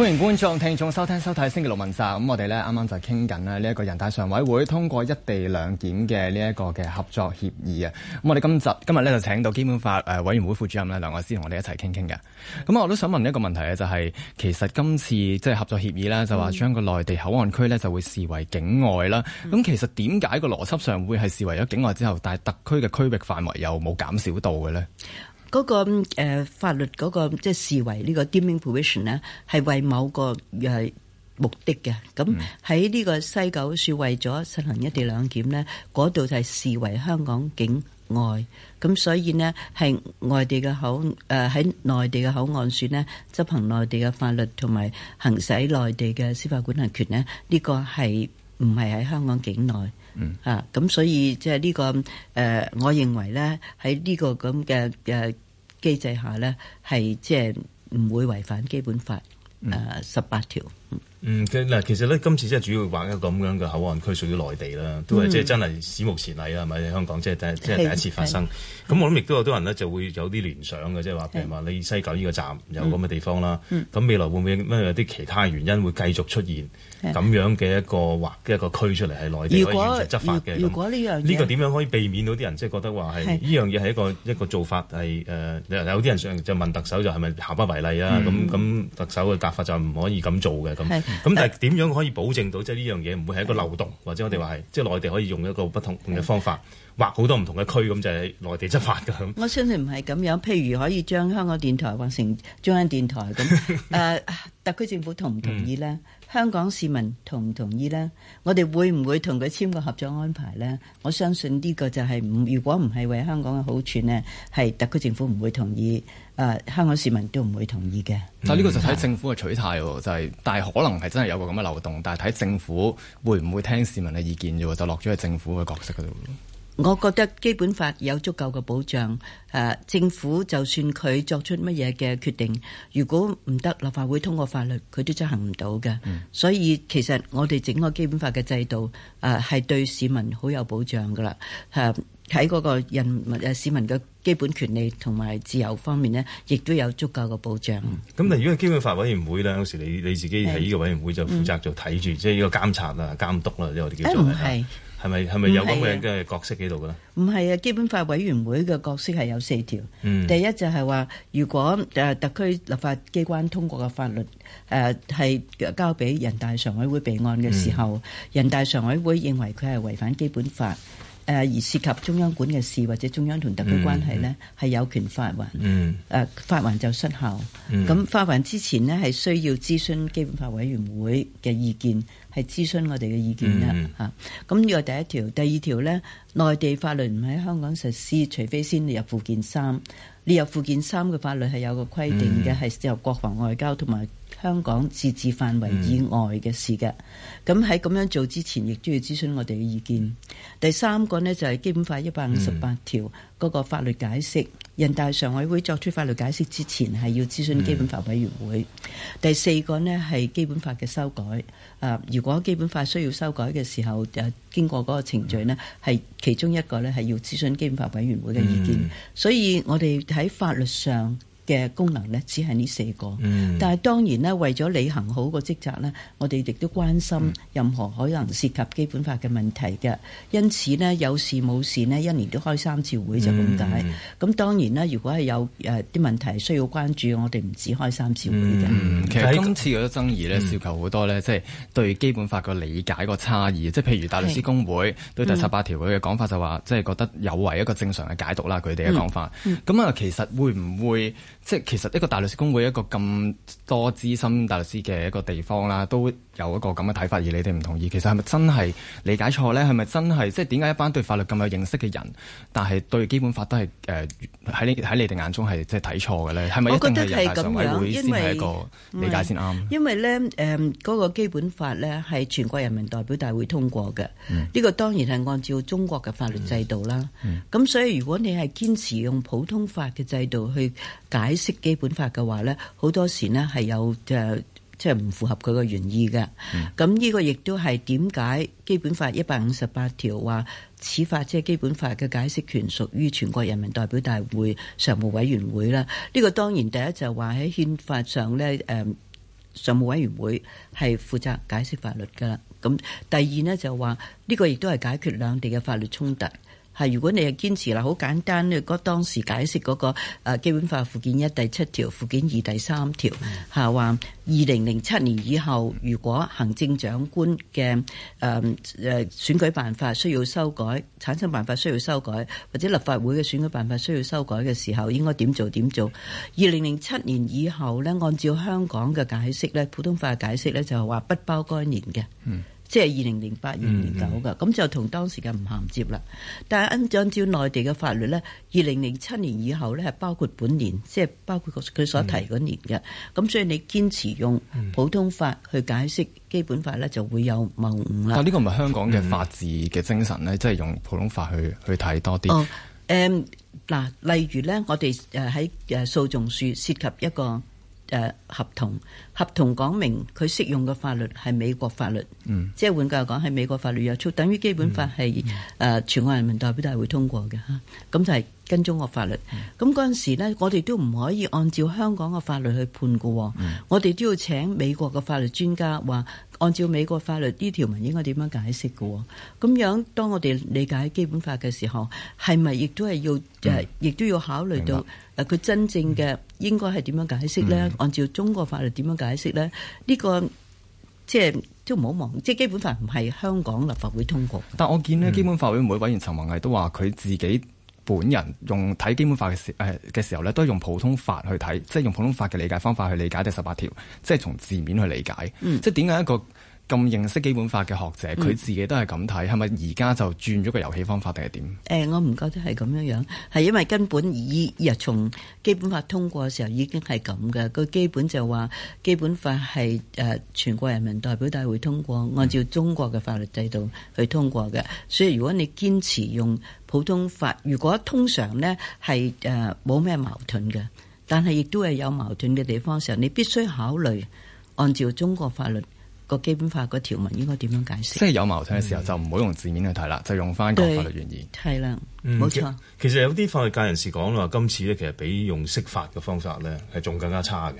歡迎觀眾、聽眾收聽、收睇《星期六問責》嗯。咁我哋咧，啱啱就傾緊咧呢一個人大常委會通過一地兩檢嘅呢一個嘅合作協議啊。咁、嗯、我哋今集今日咧就請到基本法誒委員會副主任咧梁愛詩同我哋一齊傾傾嘅。咁、嗯、我都想問一個問題啊，就係、是、其實今次即係合作協議咧，就話將個內地口岸區咧就會視為境外啦。咁、嗯、其實點解個邏輯上會係視為咗境外之後，但係特區嘅區域範圍又冇減少到嘅咧？嗰個誒法律嗰個即係視為呢個 deeming provision 咧，係為某個誒目的嘅。咁喺呢個西九處為咗實行一地兩檢咧，嗰度就係視為香港境外。咁所以咧，係外地嘅口誒喺內地嘅口岸算咧，執行內地嘅法律同埋行使內地嘅司法管轄權咧，呢個係唔係喺香港境內？嗯，嚇、啊，咁所以即係呢個誒、呃，我認為咧，喺呢個咁嘅誒機制下咧，係即係唔會違反基本法誒十八條。嗯，嗱，其實咧今次即係主要玩一個咁樣嘅口岸區屬於內地啦，都係、嗯、即係真係史無前例啊，咪香港即係第即係第一次發生。咁我諗亦都有啲人咧就會有啲聯想嘅，即係話譬如話你西九依個站有咁嘅地方啦，咁、嗯、未來會唔會咩有啲其他原因會繼續出現？咁樣嘅一個劃嘅一個區出嚟係內地可以原地執法嘅，如果呢個點樣可以避免到啲人即係覺得話係呢樣嘢係一個一個做法係，誒有啲人上就問特首就係咪下不為例啊？咁咁特首嘅答法就唔可以咁做嘅咁。咁但係點樣可以保證到即係呢樣嘢唔會係一個漏洞，或者我哋話係即係內地可以用一個不同嘅方法劃好多唔同嘅區，咁就係內地執法咁。我相信唔係咁樣，譬如可以將香港電台劃成中央電台咁，誒特區政府同唔同意咧？香港市民同唔同意呢？我哋會唔會同佢簽個合作安排呢？我相信呢個就係唔，如果唔係為香港嘅好處呢，係特區政府唔會同意，誒、呃、香港市民都唔會同意嘅、嗯就是。但呢個就睇政府嘅取態喎，就係但係可能係真係有個咁嘅漏洞，但係睇政府會唔會聽市民嘅意見啫，就落咗去政府嘅角色度。我覺得基本法有足夠嘅保障。誒、啊，政府就算佢作出乜嘢嘅決定，如果唔得立法會通過法律，佢都執行唔到嘅。嗯、所以其實我哋整個基本法嘅制度，誒、啊、係對市民好有保障噶啦。誒，喺嗰個人民誒、啊、市民嘅基本權利同埋自由方面呢，亦都有足夠嘅保障。咁、嗯、但係如果係基本法委員會咧，有時你你自己喺呢個委員會就負責做睇住，嗯、即係呢個監察啊、嗯、監督啦，呢個、我哋叫做。誒、哎唔係係咪係咪有咁樣嘅角色喺度㗎啦？唔係啊，啊，基本法委員會嘅角色係有四條。嗯、第一就係話，如果誒、呃、特區立法機關通過嘅法律誒係、呃、交俾人大常委會備案嘅時候，嗯、人大常委會認為佢係違反基本法誒、呃、而涉及中央管嘅事或者中央同特區關係呢係、嗯、有權發還誒、嗯呃、發還就失效。咁、嗯、發還之前呢，係需要諮詢基本法委員會嘅意見。係諮詢我哋嘅意見啦，咁呢個第一條，第二條咧，內地法律唔喺香港實施，除非先列入附件三，列入附件三嘅法律係有個規定嘅，係、嗯、由國防外交同埋。香港自治範圍以外嘅事嘅，咁喺咁樣做之前，亦都要諮詢我哋嘅意見。嗯、第三個呢，就係、是、基本法一百五十八條嗰個法律解釋，人大常委會作出法律解釋之前，係要諮詢基本法委員會。嗯、第四個呢，係基本法嘅修改，啊，如果基本法需要修改嘅時候，就、啊、經過嗰個程序呢，係、嗯、其中一個呢，係要諮詢基本法委員會嘅意見。嗯、所以我哋喺法律上嘅功能呢，只係呢四個。嗯、但係當然呢，為咗履行好個職責呢，我哋亦都關心任何可能涉及基本法嘅問題嘅。嗯、因此呢，有事冇事呢，一年都開三次會就咁解。咁、嗯、當然咧，如果係有誒啲、呃、問題需要關注，我哋唔止開三次會嘅、嗯。其實今次嗰啲爭議咧，涉及好多呢，即係、嗯、對基本法個理解個差異。即係、嗯、譬如大律師公會是對第十八條嘅講法就話，即、就、係、是、覺得有違一個正常嘅解讀啦。佢哋嘅講法。咁啊、嗯，嗯、其實會唔會。即係其實一個大律師公會一個咁多資深大律師嘅一個地方啦，都有一個咁嘅睇法，而你哋唔同意，其實係咪真係理解錯咧？係咪真係即係點解一班對法律咁有認識嘅人，但係對基本法都係誒喺你喺你哋眼中係即係睇錯嘅咧？係咪？我覺得係咁樣，因為理解先啱。因為咧誒，嗰、嗰個基本法咧係全國人民代表大會通過嘅，呢、嗯、個當然係按照中國嘅法律制度啦。咁、嗯嗯、所以如果你係堅持用普通法嘅制度去解釋基本法嘅話呢，好多時呢係有誒，即係唔符合佢嘅原意嘅。咁呢、嗯、個亦都係點解基本法一百五十八條話此法即係基本法嘅解釋權屬於全國人民代表大會常務委員會啦。呢、這個當然第一就話、是、喺憲法上呢，誒，常務委員會係負責解釋法律㗎。咁第二呢，就話、是、呢個亦都係解決兩地嘅法律衝突。係，如果你係堅持啦，好簡單咧，嗰當時解釋嗰個誒《基本法》附件一第七條、附件二第三條，係話二零零七年以後，如果行政長官嘅誒誒選舉辦法需要修改、產生辦法需要修改，或者立法會嘅選舉辦法需要修改嘅時候，應該點做點做？二零零七年以後呢，按照香港嘅解釋呢，普通法嘅解釋呢，就係話不包該年嘅。即係二零零八、二零零九噶，咁就同當時嘅唔銜接啦。但係按照內地嘅法律咧，二零零七年以後咧係包括本年，即、就、係、是、包括佢所提嗰年嘅。咁、嗯、所以你堅持用普通法去解釋基本法咧，嗯、就會有謬誤啦。但呢、啊這個唔係香港嘅法治嘅精神咧，嗯、即係用普通法去去睇多啲。嗱、哦嗯，例如咧，我哋誒喺誒訴訟書涉及一個。合同，合同講明佢適用嘅法律係美國法律，嗯、即係換句話講，係美國法律約束，等於基本法係、嗯嗯呃、全國人民代表大會通過嘅嚇，咁就係跟中國法律。咁嗰陣時咧，我哋都唔可以按照香港嘅法律去判噶、哦，嗯、我哋都要請美國嘅法律專家話。按照美國法律呢條文應該點樣解釋嘅？咁樣當我哋理解基本法嘅時候，係咪亦都係要誒，亦、嗯啊、都要考慮到誒佢真正嘅應該係點樣解釋咧？嗯、按照中國法律點樣解釋咧？呢、呢個即係都唔好忘，即係基本法唔係香港立法會通過。但我見咧，基本法委員會委員陳弘毅都話佢自己。本人用睇基本法嘅時誒嘅時候咧，都係用普通法去睇，即係用普通法嘅理解方法去理解第十八條，即係從字面去理解。嗯、即係點解一個咁認識基本法嘅學者，佢、嗯、自己都係咁睇，係咪而家就轉咗個遊戲方法定係點誒？我唔覺得係咁樣樣，係因為根本已日從基本法通過嘅時候已經係咁嘅。佢基本就話基本法係誒、呃、全國人民代表大會通過按照中國嘅法律制度去通過嘅。所以如果你堅持用。普通法如果通常咧係誒冇咩矛盾嘅，但係亦都係有矛盾嘅地方時候，你必須考慮按照中國法律個基本法個條文應該點樣解釋。即係有矛盾嘅時候，嗯、就唔好用字面去睇啦，對就用翻個法律原意。係啦了，冇、嗯、錯。其實有啲法律界人士講啦，今次咧其實比用釋法嘅方法咧係仲更加差嘅。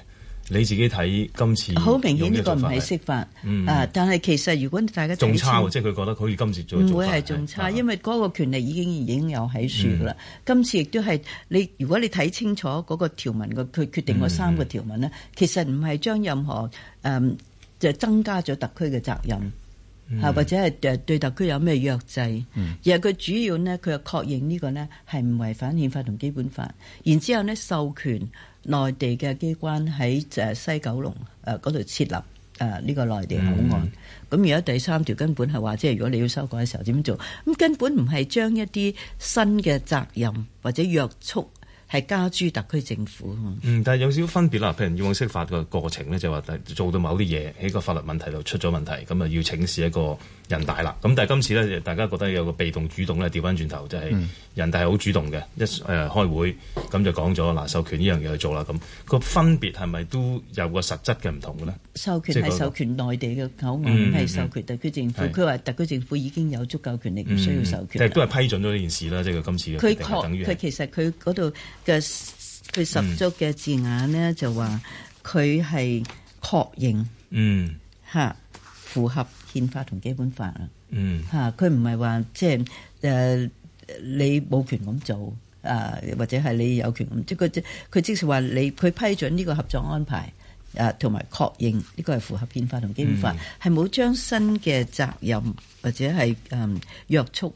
你自己睇今次好明顯呢個唔係釋法，嗯、啊！但係其實如果大家仲差，即係佢覺得好似今次做唔會係仲差，啊、因為嗰個權力已經已經有喺度㗎啦。嗯、今次亦都係你，如果你睇清楚嗰個條文嘅佢決定嗰三個條文咧，嗯、其實唔係將任何誒、嗯、就增加咗特區嘅責任嚇、嗯啊，或者係誒對特區有咩約制。嗯、而係佢主要咧，佢係確認個呢個咧係唔違反憲法同基本法，然之後咧授權。內地嘅機關喺誒西九龍誒嗰度設立誒呢個內地口岸。咁而家第三條根本係話，即係如果你要修改嘅時候點做，咁根本唔係將一啲新嘅責任或者約束係交諸特區政府。嗯，但係有少少分別啦。譬如以往釋法嘅過程咧，就話做到某啲嘢喺個法律問題度出咗問題，咁啊要請示一個人大啦。咁但係今次咧，大家覺得有個被動主動咧，調翻轉頭就係人大係好主動嘅，一誒、呃、開會咁就講咗嗱授權呢樣嘢去做啦。咁、嗰個分別係咪都有個實質嘅唔同嘅呢？授權係授權內地嘅口岸，唔係授權特區政府。佢話是特區政府已經有足夠權力，唔、嗯、需要授權。即係都係批准咗呢件事啦，即係佢今次嘅決定。佢確佢其實佢度。嘅佢十足嘅字眼咧，嗯、就話佢係確認、嗯啊，符合憲法同基本法、嗯、啊，嚇佢唔係話即係誒你冇權咁做啊、呃，或者係你有權咁，即佢即係佢即係話你佢批准呢個合作安排啊，同、呃、埋確認呢、呢個係符合憲法同基本法，係冇、嗯、將新嘅責任或者係誒、呃、約束。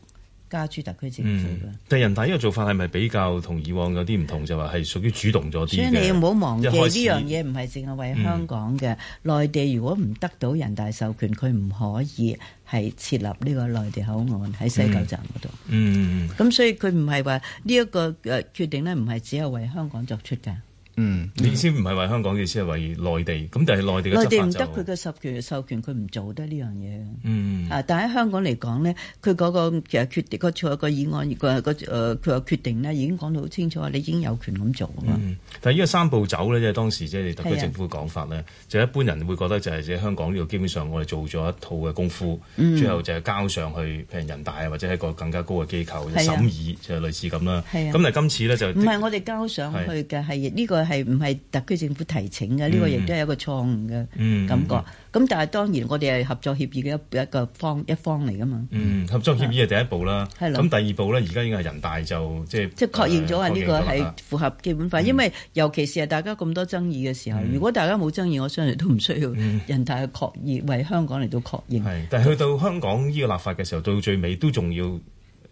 加特區政府嘅，但、嗯就是、人大呢個做法係咪比較同以往有啲唔同？就話係屬於主動咗啲。所以你唔好忘記呢樣嘢，唔係淨係為香港嘅。嗯、內地如果唔得到人大授權，佢唔可以係設立呢個內地口岸喺西九站嗰度、嗯。嗯咁所以佢唔係話呢一個誒決定咧，唔係只有為香港作出嘅。嗯，意思唔係為香港嘅意思係為內地，咁但係內地嘅內地唔得佢嘅授權，授權佢唔做得呢樣嘢。嗯，啊，但喺香港嚟講咧，佢嗰、那個其實決定、這個做、這個這個議案、這個、呃這個誒佢話決定咧已經講到好清楚，你已經有權咁做啊嘛、嗯。但係呢個三步走咧，即係當時即係特區政府嘅講法咧，啊、就一般人會覺得就係喺香港呢度基本上我哋做咗一套嘅功夫，嗯、最後就係交上去譬如人大啊或者係個更加高嘅機構、啊、審議就係、是、類似咁啦。係咁、啊、但係今次咧就唔係我哋交上去嘅係呢個。是係唔係特區政府提請嘅？呢、這個亦都係一個錯誤嘅感覺。咁、嗯嗯、但係當然我哋係合作協議嘅一一個方一方嚟噶嘛、嗯。合作協議係第一步啦。咁第二步呢，而家應該係人大就即係即係確認咗啊！呢個係符合基本法。嗯、因為尤其是係大家咁多爭議嘅時候，嗯、如果大家冇爭議，我相信都唔需要人大去確認。為香港嚟到確認。是，但係去到香港，呢個立法嘅時候，到最尾都仲要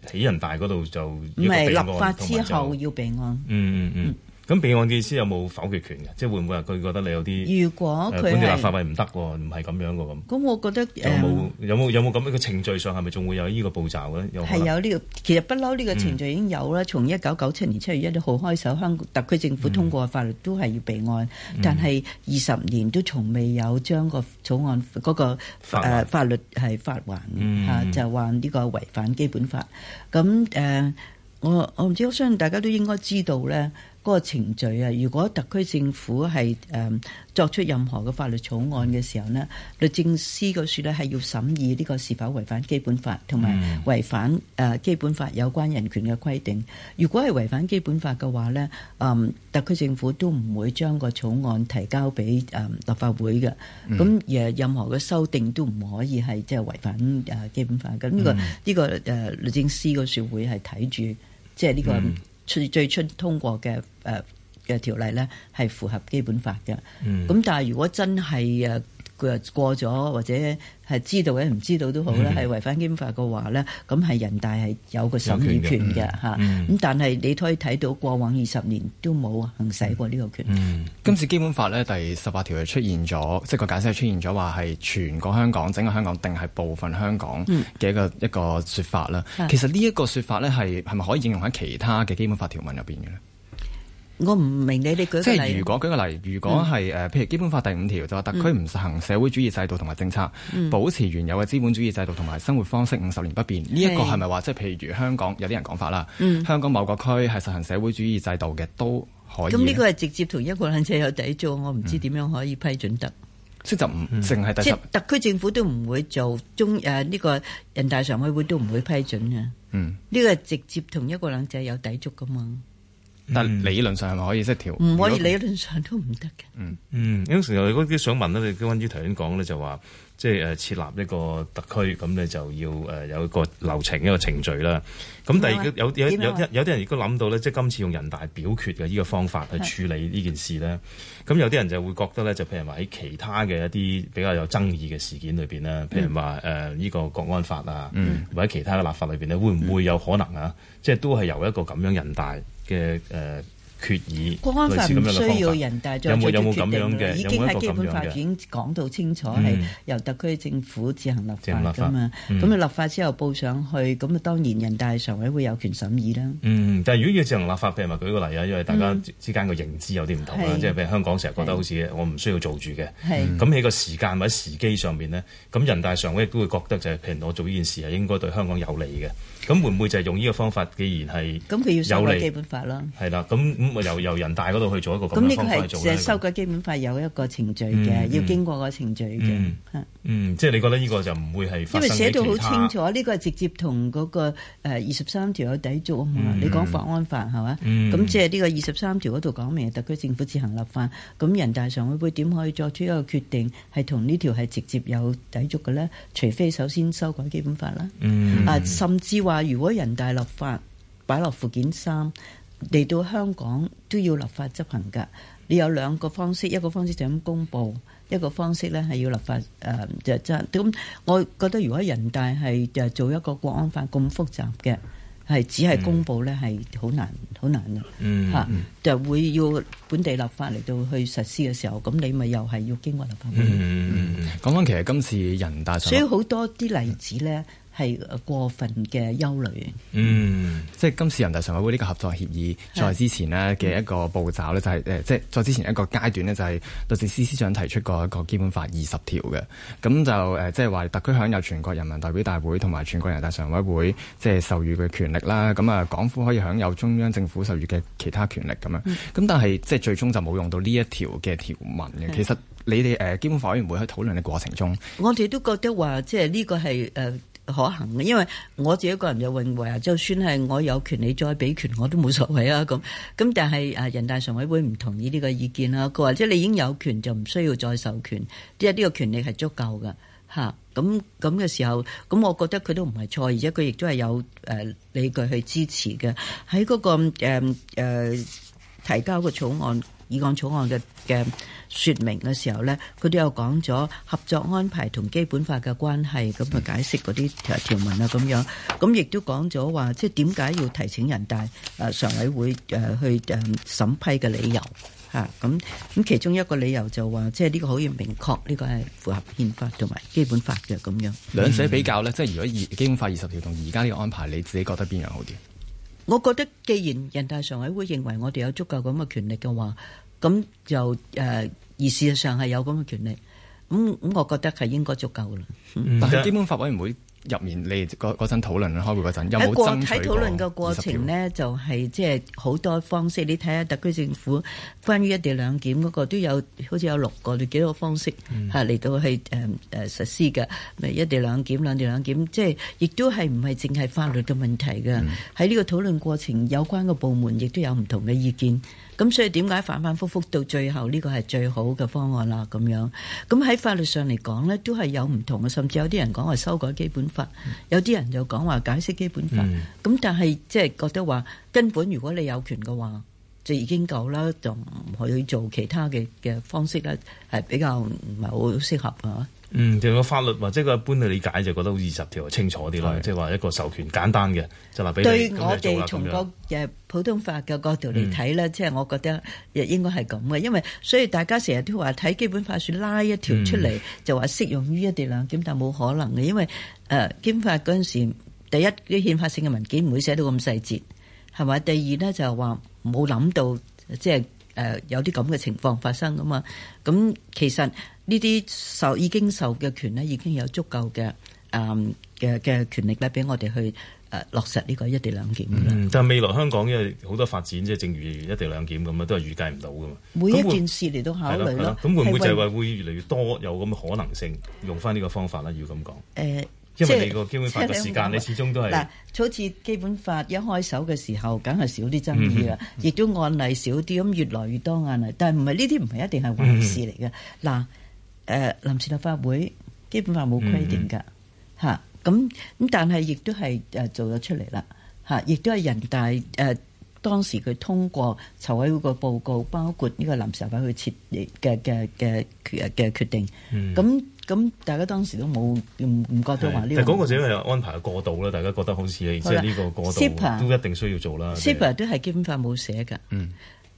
喺人大嗰度就。唔係立法之後要備案。嗯嗯嗯。嗯嗯咁備案嘅意思有冇否決權嘅？即係會唔會佢覺得你有啲？如果佢、呃、法係唔得，唔係咁樣嘅咁。咁我覺得有冇有冇、嗯、有冇咁嘅程序上係咪仲會有呢個步驟嘅？係有呢、呢個其實不嬲呢個程序已經有啦。嗯、從一九九七年七月一號開首，香港特區政府通過法律都係要備案，嗯、但係二十年都從未有將個草案嗰、嗰個法律係發還、嗯啊、就話呢個違反基本法咁誒、嗯呃。我我唔知，我知道相信大家都應該知道咧。嗰個程序啊，如果特區政府係誒、嗯、作出任何嘅法律草案嘅時候呢，律政司嘅説咧係要審議呢個是否違反基本法同埋違反誒、呃、基本法有關人權嘅規定。如果係違反基本法嘅話呢，誒、嗯、特區政府都唔會將個草案提交俾誒、嗯、立法會嘅。咁誒、嗯、任何嘅修訂都唔可以係即係違反誒、呃、基本法嘅。咁、呢個呢、呢個誒、呃、律政司嘅説會係睇住即係呢個。嗯最最初通過嘅誒嘅條例咧，係符合基本法嘅。嗯，咁但係如果真係誒。佢又過咗，或者係知道嘅，唔知道都好啦。係、嗯、違反基本法嘅話咧，咁係人大係有個審議權嘅嚇。咁、嗯、但係你可以睇到，過往二十年都冇行使過呢個權、嗯嗯。今次基本法咧第十八條就出現咗，即係個解釋出現咗話係全個香港、整個香港定係部分香港嘅一個、嗯、一個説法啦。嗯、其實呢一個説法咧係係咪可以應用喺其他嘅基本法條文入邊嘅咧？我唔明你，你舉個例子，即係如果舉個例，如果係誒，嗯、譬如基本法第五條就話特區唔實行社會主義制度同埋政策，嗯、保持原有嘅資本主義制度同埋生活方式五十年不變。呢、嗯、一個係咪話即係譬如香港有啲人講法啦？嗯、香港某個區係實行社會主義制度嘅都可以。咁呢個係直接同一個兩者有抵觸，我唔知點樣可以批准得？即就唔淨係特區政府都唔會做，中誒呢、啊這個人大常委會都唔會批准嘅。嗯，呢個係直接同一個兩者有抵觸噶嘛？但理論上係咪可以識調？唔可以，果理論上都唔得嘅。嗯嗯，因為有時候我哋想問呢，你啲温宇頭先講咧就話，即係誒設立一個特區，咁你就要誒有一個流程一個程序啦。咁第二個有有有啲人亦都諗到咧，即係今次用人大表決嘅呢個方法去處理呢件事咧，咁是有啲人就會覺得咧，就譬如話喺其他嘅一啲比較有爭議嘅事件裏邊咧，譬如話誒呢個國安法啊，嗯、或者其他嘅立法裏邊咧，會唔會有可能啊？嗯、即係都係由一個咁樣人大。嘅誒、呃、決議，國安法唔需要人大再作出決定，咁樣嘅，有冇咁樣嘅，已經喺基本法已經講到清楚，係、嗯、由特區政府自行立法㗎嘛。咁啊立，立法之後報上去，咁啊、嗯、當然人大常委會有權審議啦。嗯，但係如果要自行立法，譬如話舉個例啊，因為大家之間個認知有啲唔同啦，嗯、即係譬如香港成日覺得好似我唔需要做住嘅，咁喺是、嗯、個時間或者時機上面呢，咁人大常委亦都會覺得就係、是、譬如我做呢件事係應該對香港有利嘅。咁會唔會就係用呢個方法？既然係，咁佢要修改基本法啦。係啦，咁咁由由人大嗰度去做一個咁呢 個係寫修改基本法有一個程序嘅，嗯、要經過個程序嘅、嗯。嗯， 嗯即係你覺得呢個就唔會係因為寫到好清楚，呢、呢個係直接同嗰個二十三條有抵觸啊嘛？嗯、你講法案法係嘛？咁、嗯、即係呢個二十三條嗰度講明特區政府自行立法，咁人大常委會會點可以作出一個決定係同呢條係直接有抵觸嘅咧？除非首先修改基本法啦。嗯、啊，甚至話。話如果人大立法擺落附件三嚟到香港，都要立法執行噶，你有兩個方式，一個方式就咁公布，一個方式咧，係要立法誒、呃、就即係咁。我覺得如果人大係就做一個國安法咁複雜嘅，係只係公布咧，係好難好難嘅，吓、嗯嗯啊，就會要本地立法嚟到去實施嘅時候，咁你咪又係要經過立法會，嗯。嗯嗯嗯講講其實今次人大，所以好多啲例子咧。嗯係過分嘅憂慮的。嗯，即、就、係、是、今次人大常委會呢個合作協議，在之前呢嘅一個步驟咧、就是的就是，就係即係在之前一個階段呢、就是，就係律政司司長提出過一個基本法二十條嘅。咁就即係話特區享有全國人民代表大會同埋全國人大常委會即係授予嘅權力啦。咁啊，港府可以享有中央政府授予嘅其他權力咁樣。咁的但係即係最終就冇用到呢一條嘅條文嘅。的其實你哋基本法委員會喺討論嘅過程中，我哋都覺得話即係呢個係誒。呃可行嘅，因為我自己個人就認為啊，就算係我有權利，再俾權，你再俾權我都冇所謂啊。咁咁，但係啊，人大常委會唔同意呢個意見啦。佢話即你已經有權，就唔需要再授權，即係呢個權利係足夠嘅㗎。咁咁嘅時候，咁我覺得佢都唔係錯，而且佢亦都係有誒理據去支持嘅。喺嗰個誒提交個草案、議案草案嘅嘅説明嘅時候呢，佢都有講咗合作安排同基本法嘅關係，咁去解釋嗰啲條條文啊，咁樣咁亦都講咗話，即係點解要提請人大常委會去審批嘅理由嚇。咁咁其中一個理由就話，即係呢個可以明確，呢個係符合憲法同埋基本法嘅。咁樣兩者比較呢，即係如果基本法二十條同而家呢個安排，你自己覺得邊樣好啲？我覺得，既然人大常委會認為我哋有足夠咁嘅權力嘅話，咁就誒，而事實上係有咁嘅權利，咁咁，我覺得係應該足夠啦。嗯、但係基本法委員會入面，你嗰嗰陣討論咧，開會嗰陣有冇爭取喺過喺討論嘅過程咧，就係即係好多方式。你睇下特區政府關於一地兩檢嗰個，都有好似有六個幾多方式嚇嚟到去誒誒實施嘅。咪一地兩檢、兩地兩檢、兩地兩檢，即係亦都係唔係淨係法律嘅問題嘅。喺呢個討論過程，有關嘅部門亦都有唔同嘅意見。咁所以點解反反覆覆到最後呢個係最好嘅方案啦？咁樣咁喺法律上嚟講呢，都係有唔同嘅，甚至有啲人講話修改基本法，有啲人就講話解釋基本法。咁、嗯、但係即係覺得話根本，如果你有權嘅話，就已經夠啦，就唔可以做其他嘅嘅方式咧，係比較唔係好適合啊。嗯，用個法律或者個一般嘅理解就覺得好二十條清楚啲咯，是即係話一個授權簡單嘅就話、是、俾你對我哋從個誒普通法嘅角度嚟睇咧，嗯、即係我覺得亦應該係咁嘅，因為所以大家成日都話睇基本法書拉一條出嚟、嗯、就話適用於一地兩檢，但冇可能嘅，因為誒憲、呃、法嗰陣時第一啲憲法性嘅文件唔會寫到咁細節係咪？第二咧就係話冇諗到即係誒、呃、有啲咁嘅情況發生咁嘛。咁其實。呢啲受已經受嘅權咧，已經有足夠嘅嘅嘅權力咧，俾我哋去誒落實呢個一地兩檢。但係未來香港因為好多發展，即係正如一地兩檢咁啊，都係預計唔到噶嘛。每一件事嚟到考慮咯。咁會唔會就係話會越嚟越多有咁嘅可能性用翻呢個方法咧？要咁講。誒，因為你個基本法嘅時間，你始終都係嗱，好似基本法一開手嘅時候，梗係少啲爭議啊，亦都案例少啲，咁越來越多案例，但係唔係呢啲唔係一定係壞事嚟嘅嗱。誒，臨時立法會基本法冇規定噶，吓咁咁，但係亦都係誒、呃、做咗出嚟啦，吓、啊，亦都係人大誒、呃、當時佢通過籌委會個報告，包括呢個臨時立法會設嘅嘅嘅嘅決定。嗯。咁咁，大家當時都冇唔唔覺得話呢個，但係嗰個係安排嘅過渡啦，大家覺得好似即係呢個過渡 S IP A, 都一定需要做啦。 S 都係基本法冇寫噶。嗯。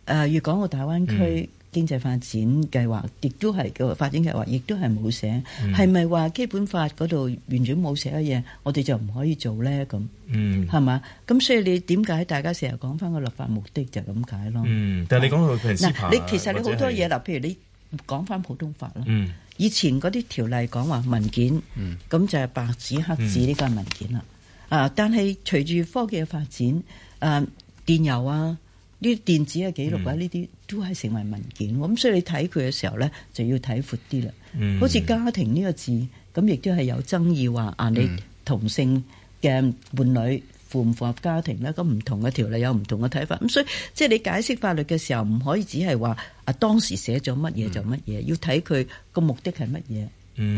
誒、呃，粵港澳大灣區。嗯。經濟發展計劃亦都係個發展計劃，亦都係冇寫，係咪話基本法嗰度完全冇寫嘅嘢，我哋就唔可以做咧？咁嗯，係嘛？咁所以你點解大家成日講翻個立法目的就咁解咯？嗯，但係你講到平嗱，你其實你好多嘢嗱，譬如你講翻普通法啦、嗯嗯，嗯，以前嗰啲條例講話文件，嗯，咁就係白紙黑字呢、嗯、個文件啦，啊，但係隨住科技嘅發展，誒電郵啊，呢啲、啊、電子嘅記錄啊，呢啲、嗯。都係成為文件，咁所以你睇佢嘅時候咧，就要睇闊啲啦。嗯、好似家庭呢個字，咁亦都係有爭議話啊，你同性嘅伴侶符唔符合家庭咧？咁唔、嗯、同嘅條例有唔同嘅睇法。咁所以即係、就是、你解釋法律嘅時候，唔可以只係話啊，當時寫咗乜嘢就乜嘢，嗯、要睇佢個目的係乜嘢，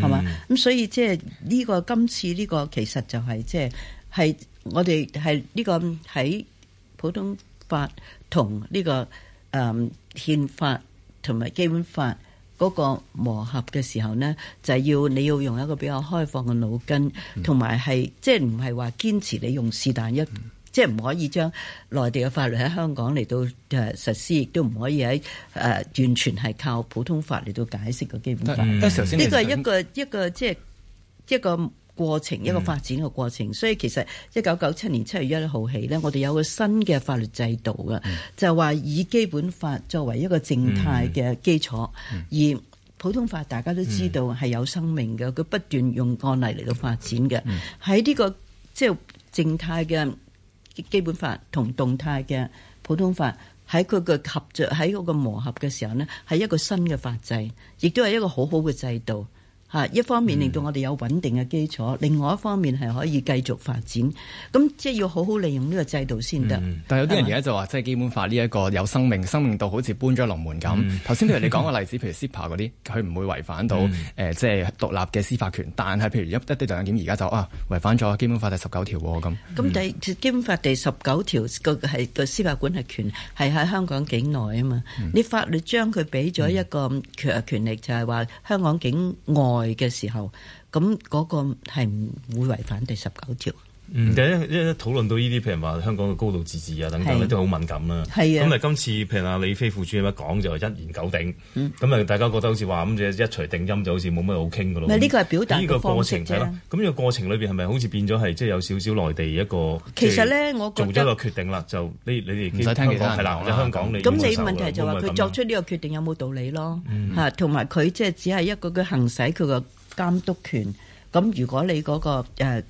係嘛、嗯？咁所以即係呢個、這個、今次呢、這個其實就係即係係我哋係呢個喺普通法同呢、這個。誒憲法同埋基本法嗰個磨合嘅時候呢，就係、是、要你要用一個比較開放嘅腦筋，同埋係即係唔係話堅持你用是但一，即係唔可以將內地嘅法律喺香港嚟到誒實施，亦都唔可以喺誒、呃、完全係靠普通法嚟到解釋個基本法。呢個係一個一個即係一個。一個一個一個一個過程一個發展嘅過程，嗯、所以其實一九九七年七月一號起呢，我哋有個新嘅法律制度嘅，嗯、就係話以基本法作為一個靜態嘅基礎，嗯嗯、而普通法大家都知道係有生命嘅，佢、嗯、不斷用案例嚟到發展嘅。喺呢、嗯呢個即係靜態嘅基本法同動態嘅普通法喺佢嘅合作，喺嗰個磨合嘅時候呢，係一個新嘅法制，亦都係一個好好嘅制度。嚇！一方面令到我哋有穩定嘅基礎，嗯、另外一方面係可以繼續發展。咁即係要好好利用呢個制度先得、嗯。但係有啲人而家就話，即係吧基本法呢一個有生命、生命力，好似搬咗龍門咁。頭先譬如你講個例子，譬 如 SIPA 嗰啲，佢唔會違反到誒即係獨立嘅司法權。但係譬如一地兩檢，而家就啊違反咗基本法第十九條喎咁。咁第、嗯、基本法第十九條個係個司法管轄權係喺香港境內啊嘛。嗯、你法律將佢俾咗一個權力，嗯、就係話香港境外。嘅時候，咁嗰個係唔會違反第十九條。嗯，但係一一討論到呢啲，譬如話香港嘅高度自治啊，等等咧都好敏感啦。係啊。咁啊，今次譬如阿李飛副主任一講就一言九鼎，咁啊，大家覺得好似話咁嘅一錘定音就好似冇乜好傾㗎咯。唔係呢個係表達嘅方式啫。咁呢個過程裏邊係咪好似變咗係即係有少少內地一個？其實咧，我覺得做咗一個決定啦，就你你哋唔使聽其他人講係啦。喺香港你咁你問題就話佢作出呢個決定有冇道理咯？嚇，同埋佢即係只係一個佢行使佢嘅監督權。咁如果你嗰個誒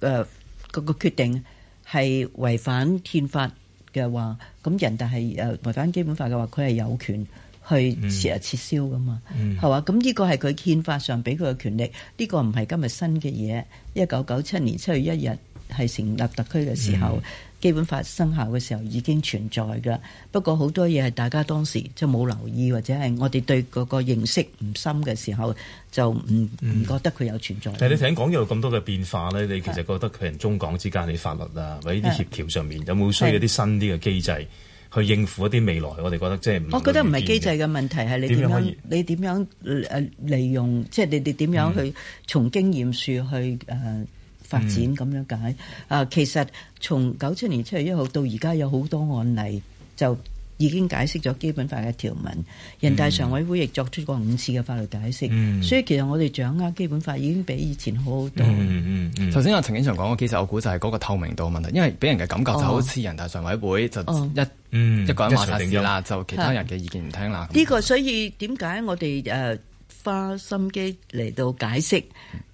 誒。個個決定係違反憲法嘅話，咁人大係誒違反基本法嘅話，佢係有權去誒撤，撤銷噶嘛，係嘛、嗯？咁呢個係佢憲法上俾佢嘅權力，呢個唔係今日新嘅嘢。一九九七年七月一日係成立特區嘅時候。嗯基本法生效嘅時候已經存在嘅，不過好多嘢係大家當時即係冇留意，或者係我哋對嗰個認識唔深嘅時候就唔，就唔唔覺得佢有存在。但係你聽講有咁多嘅變化咧，你其實覺得佢人中港之間嘅法律啊，或者啲協調上面有冇需要一啲新啲嘅機制去應付一啲未來？我哋覺得即係我覺得唔係機制嘅問題，係你點樣？點樣你點樣誒利用？即係你哋點樣去從經驗樹去誒？呃發展咁樣解、嗯、啊！其實從九七年七月一號到而家有好多案例，就已經解釋咗基本法嘅條文。嗯、人大常委會亦作出過五次嘅法律解釋，嗯、所以其實我哋掌握基本法已經比以前好好多。嗯嗯嗯。頭先阿陳景祥講嘅其實我估就係嗰個透明度的問題，因為俾人嘅感覺就好似人大常委會就一、嗯嗯、一個人話定啦，嗯嗯、就其他人嘅意見唔聽啦。呢是樣、呢個所以點解我哋誒、呃、花心機嚟到解釋？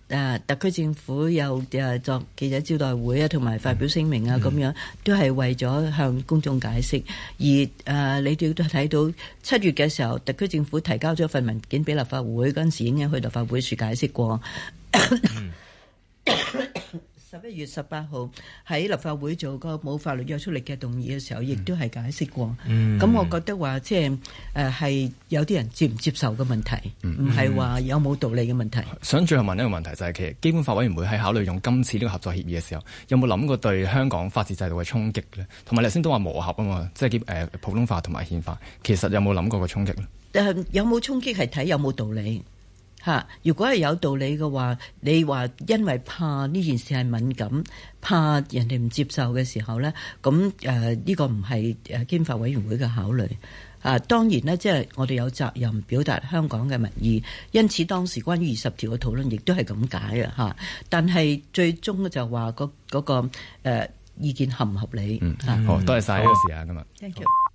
誒、啊，特區政府又誒作記者招待會啊，同埋發表聲明啊，咁、嗯、樣都係為咗向公眾解釋。而誒、啊，你哋都睇到七月嘅時候，特區政府提交咗份文件俾立法會，嗰陣時已經去立法會處解釋過。嗯 十一月十八號喺立法會做個冇法律約束力嘅動議嘅時候，亦都係解釋過。咁、嗯、我覺得話即係誒係有啲人接唔接受嘅問題，唔係話有冇道理嘅問題，嗯嗯。想最後問一個問題，就係其實基本法委員會喺考慮用今次呢個合作協議嘅時候，有冇諗過對香港法治制度嘅衝擊咧？同埋你先都話磨合啊嘛，即係誒普通法同埋憲法，其實有冇諗過個衝擊咧？誒有冇衝擊係睇有冇道理。嚇！如果係有道理嘅話，你話因為怕呢件事係敏感，怕人哋唔接受嘅時候咧，咁誒呢個唔係誒基本法委員會嘅考慮。啊，當然咧，即係我哋有責任表達香港嘅民意。因此當時關於二十條嘅討論亦都係咁解嘅。嚇、啊，但係最終就話、嗰個嗰、嗰個、嗰個呃、意見合唔合理？嗯啊、好，多謝晒呢個時間噶嘛。好天 Thank you.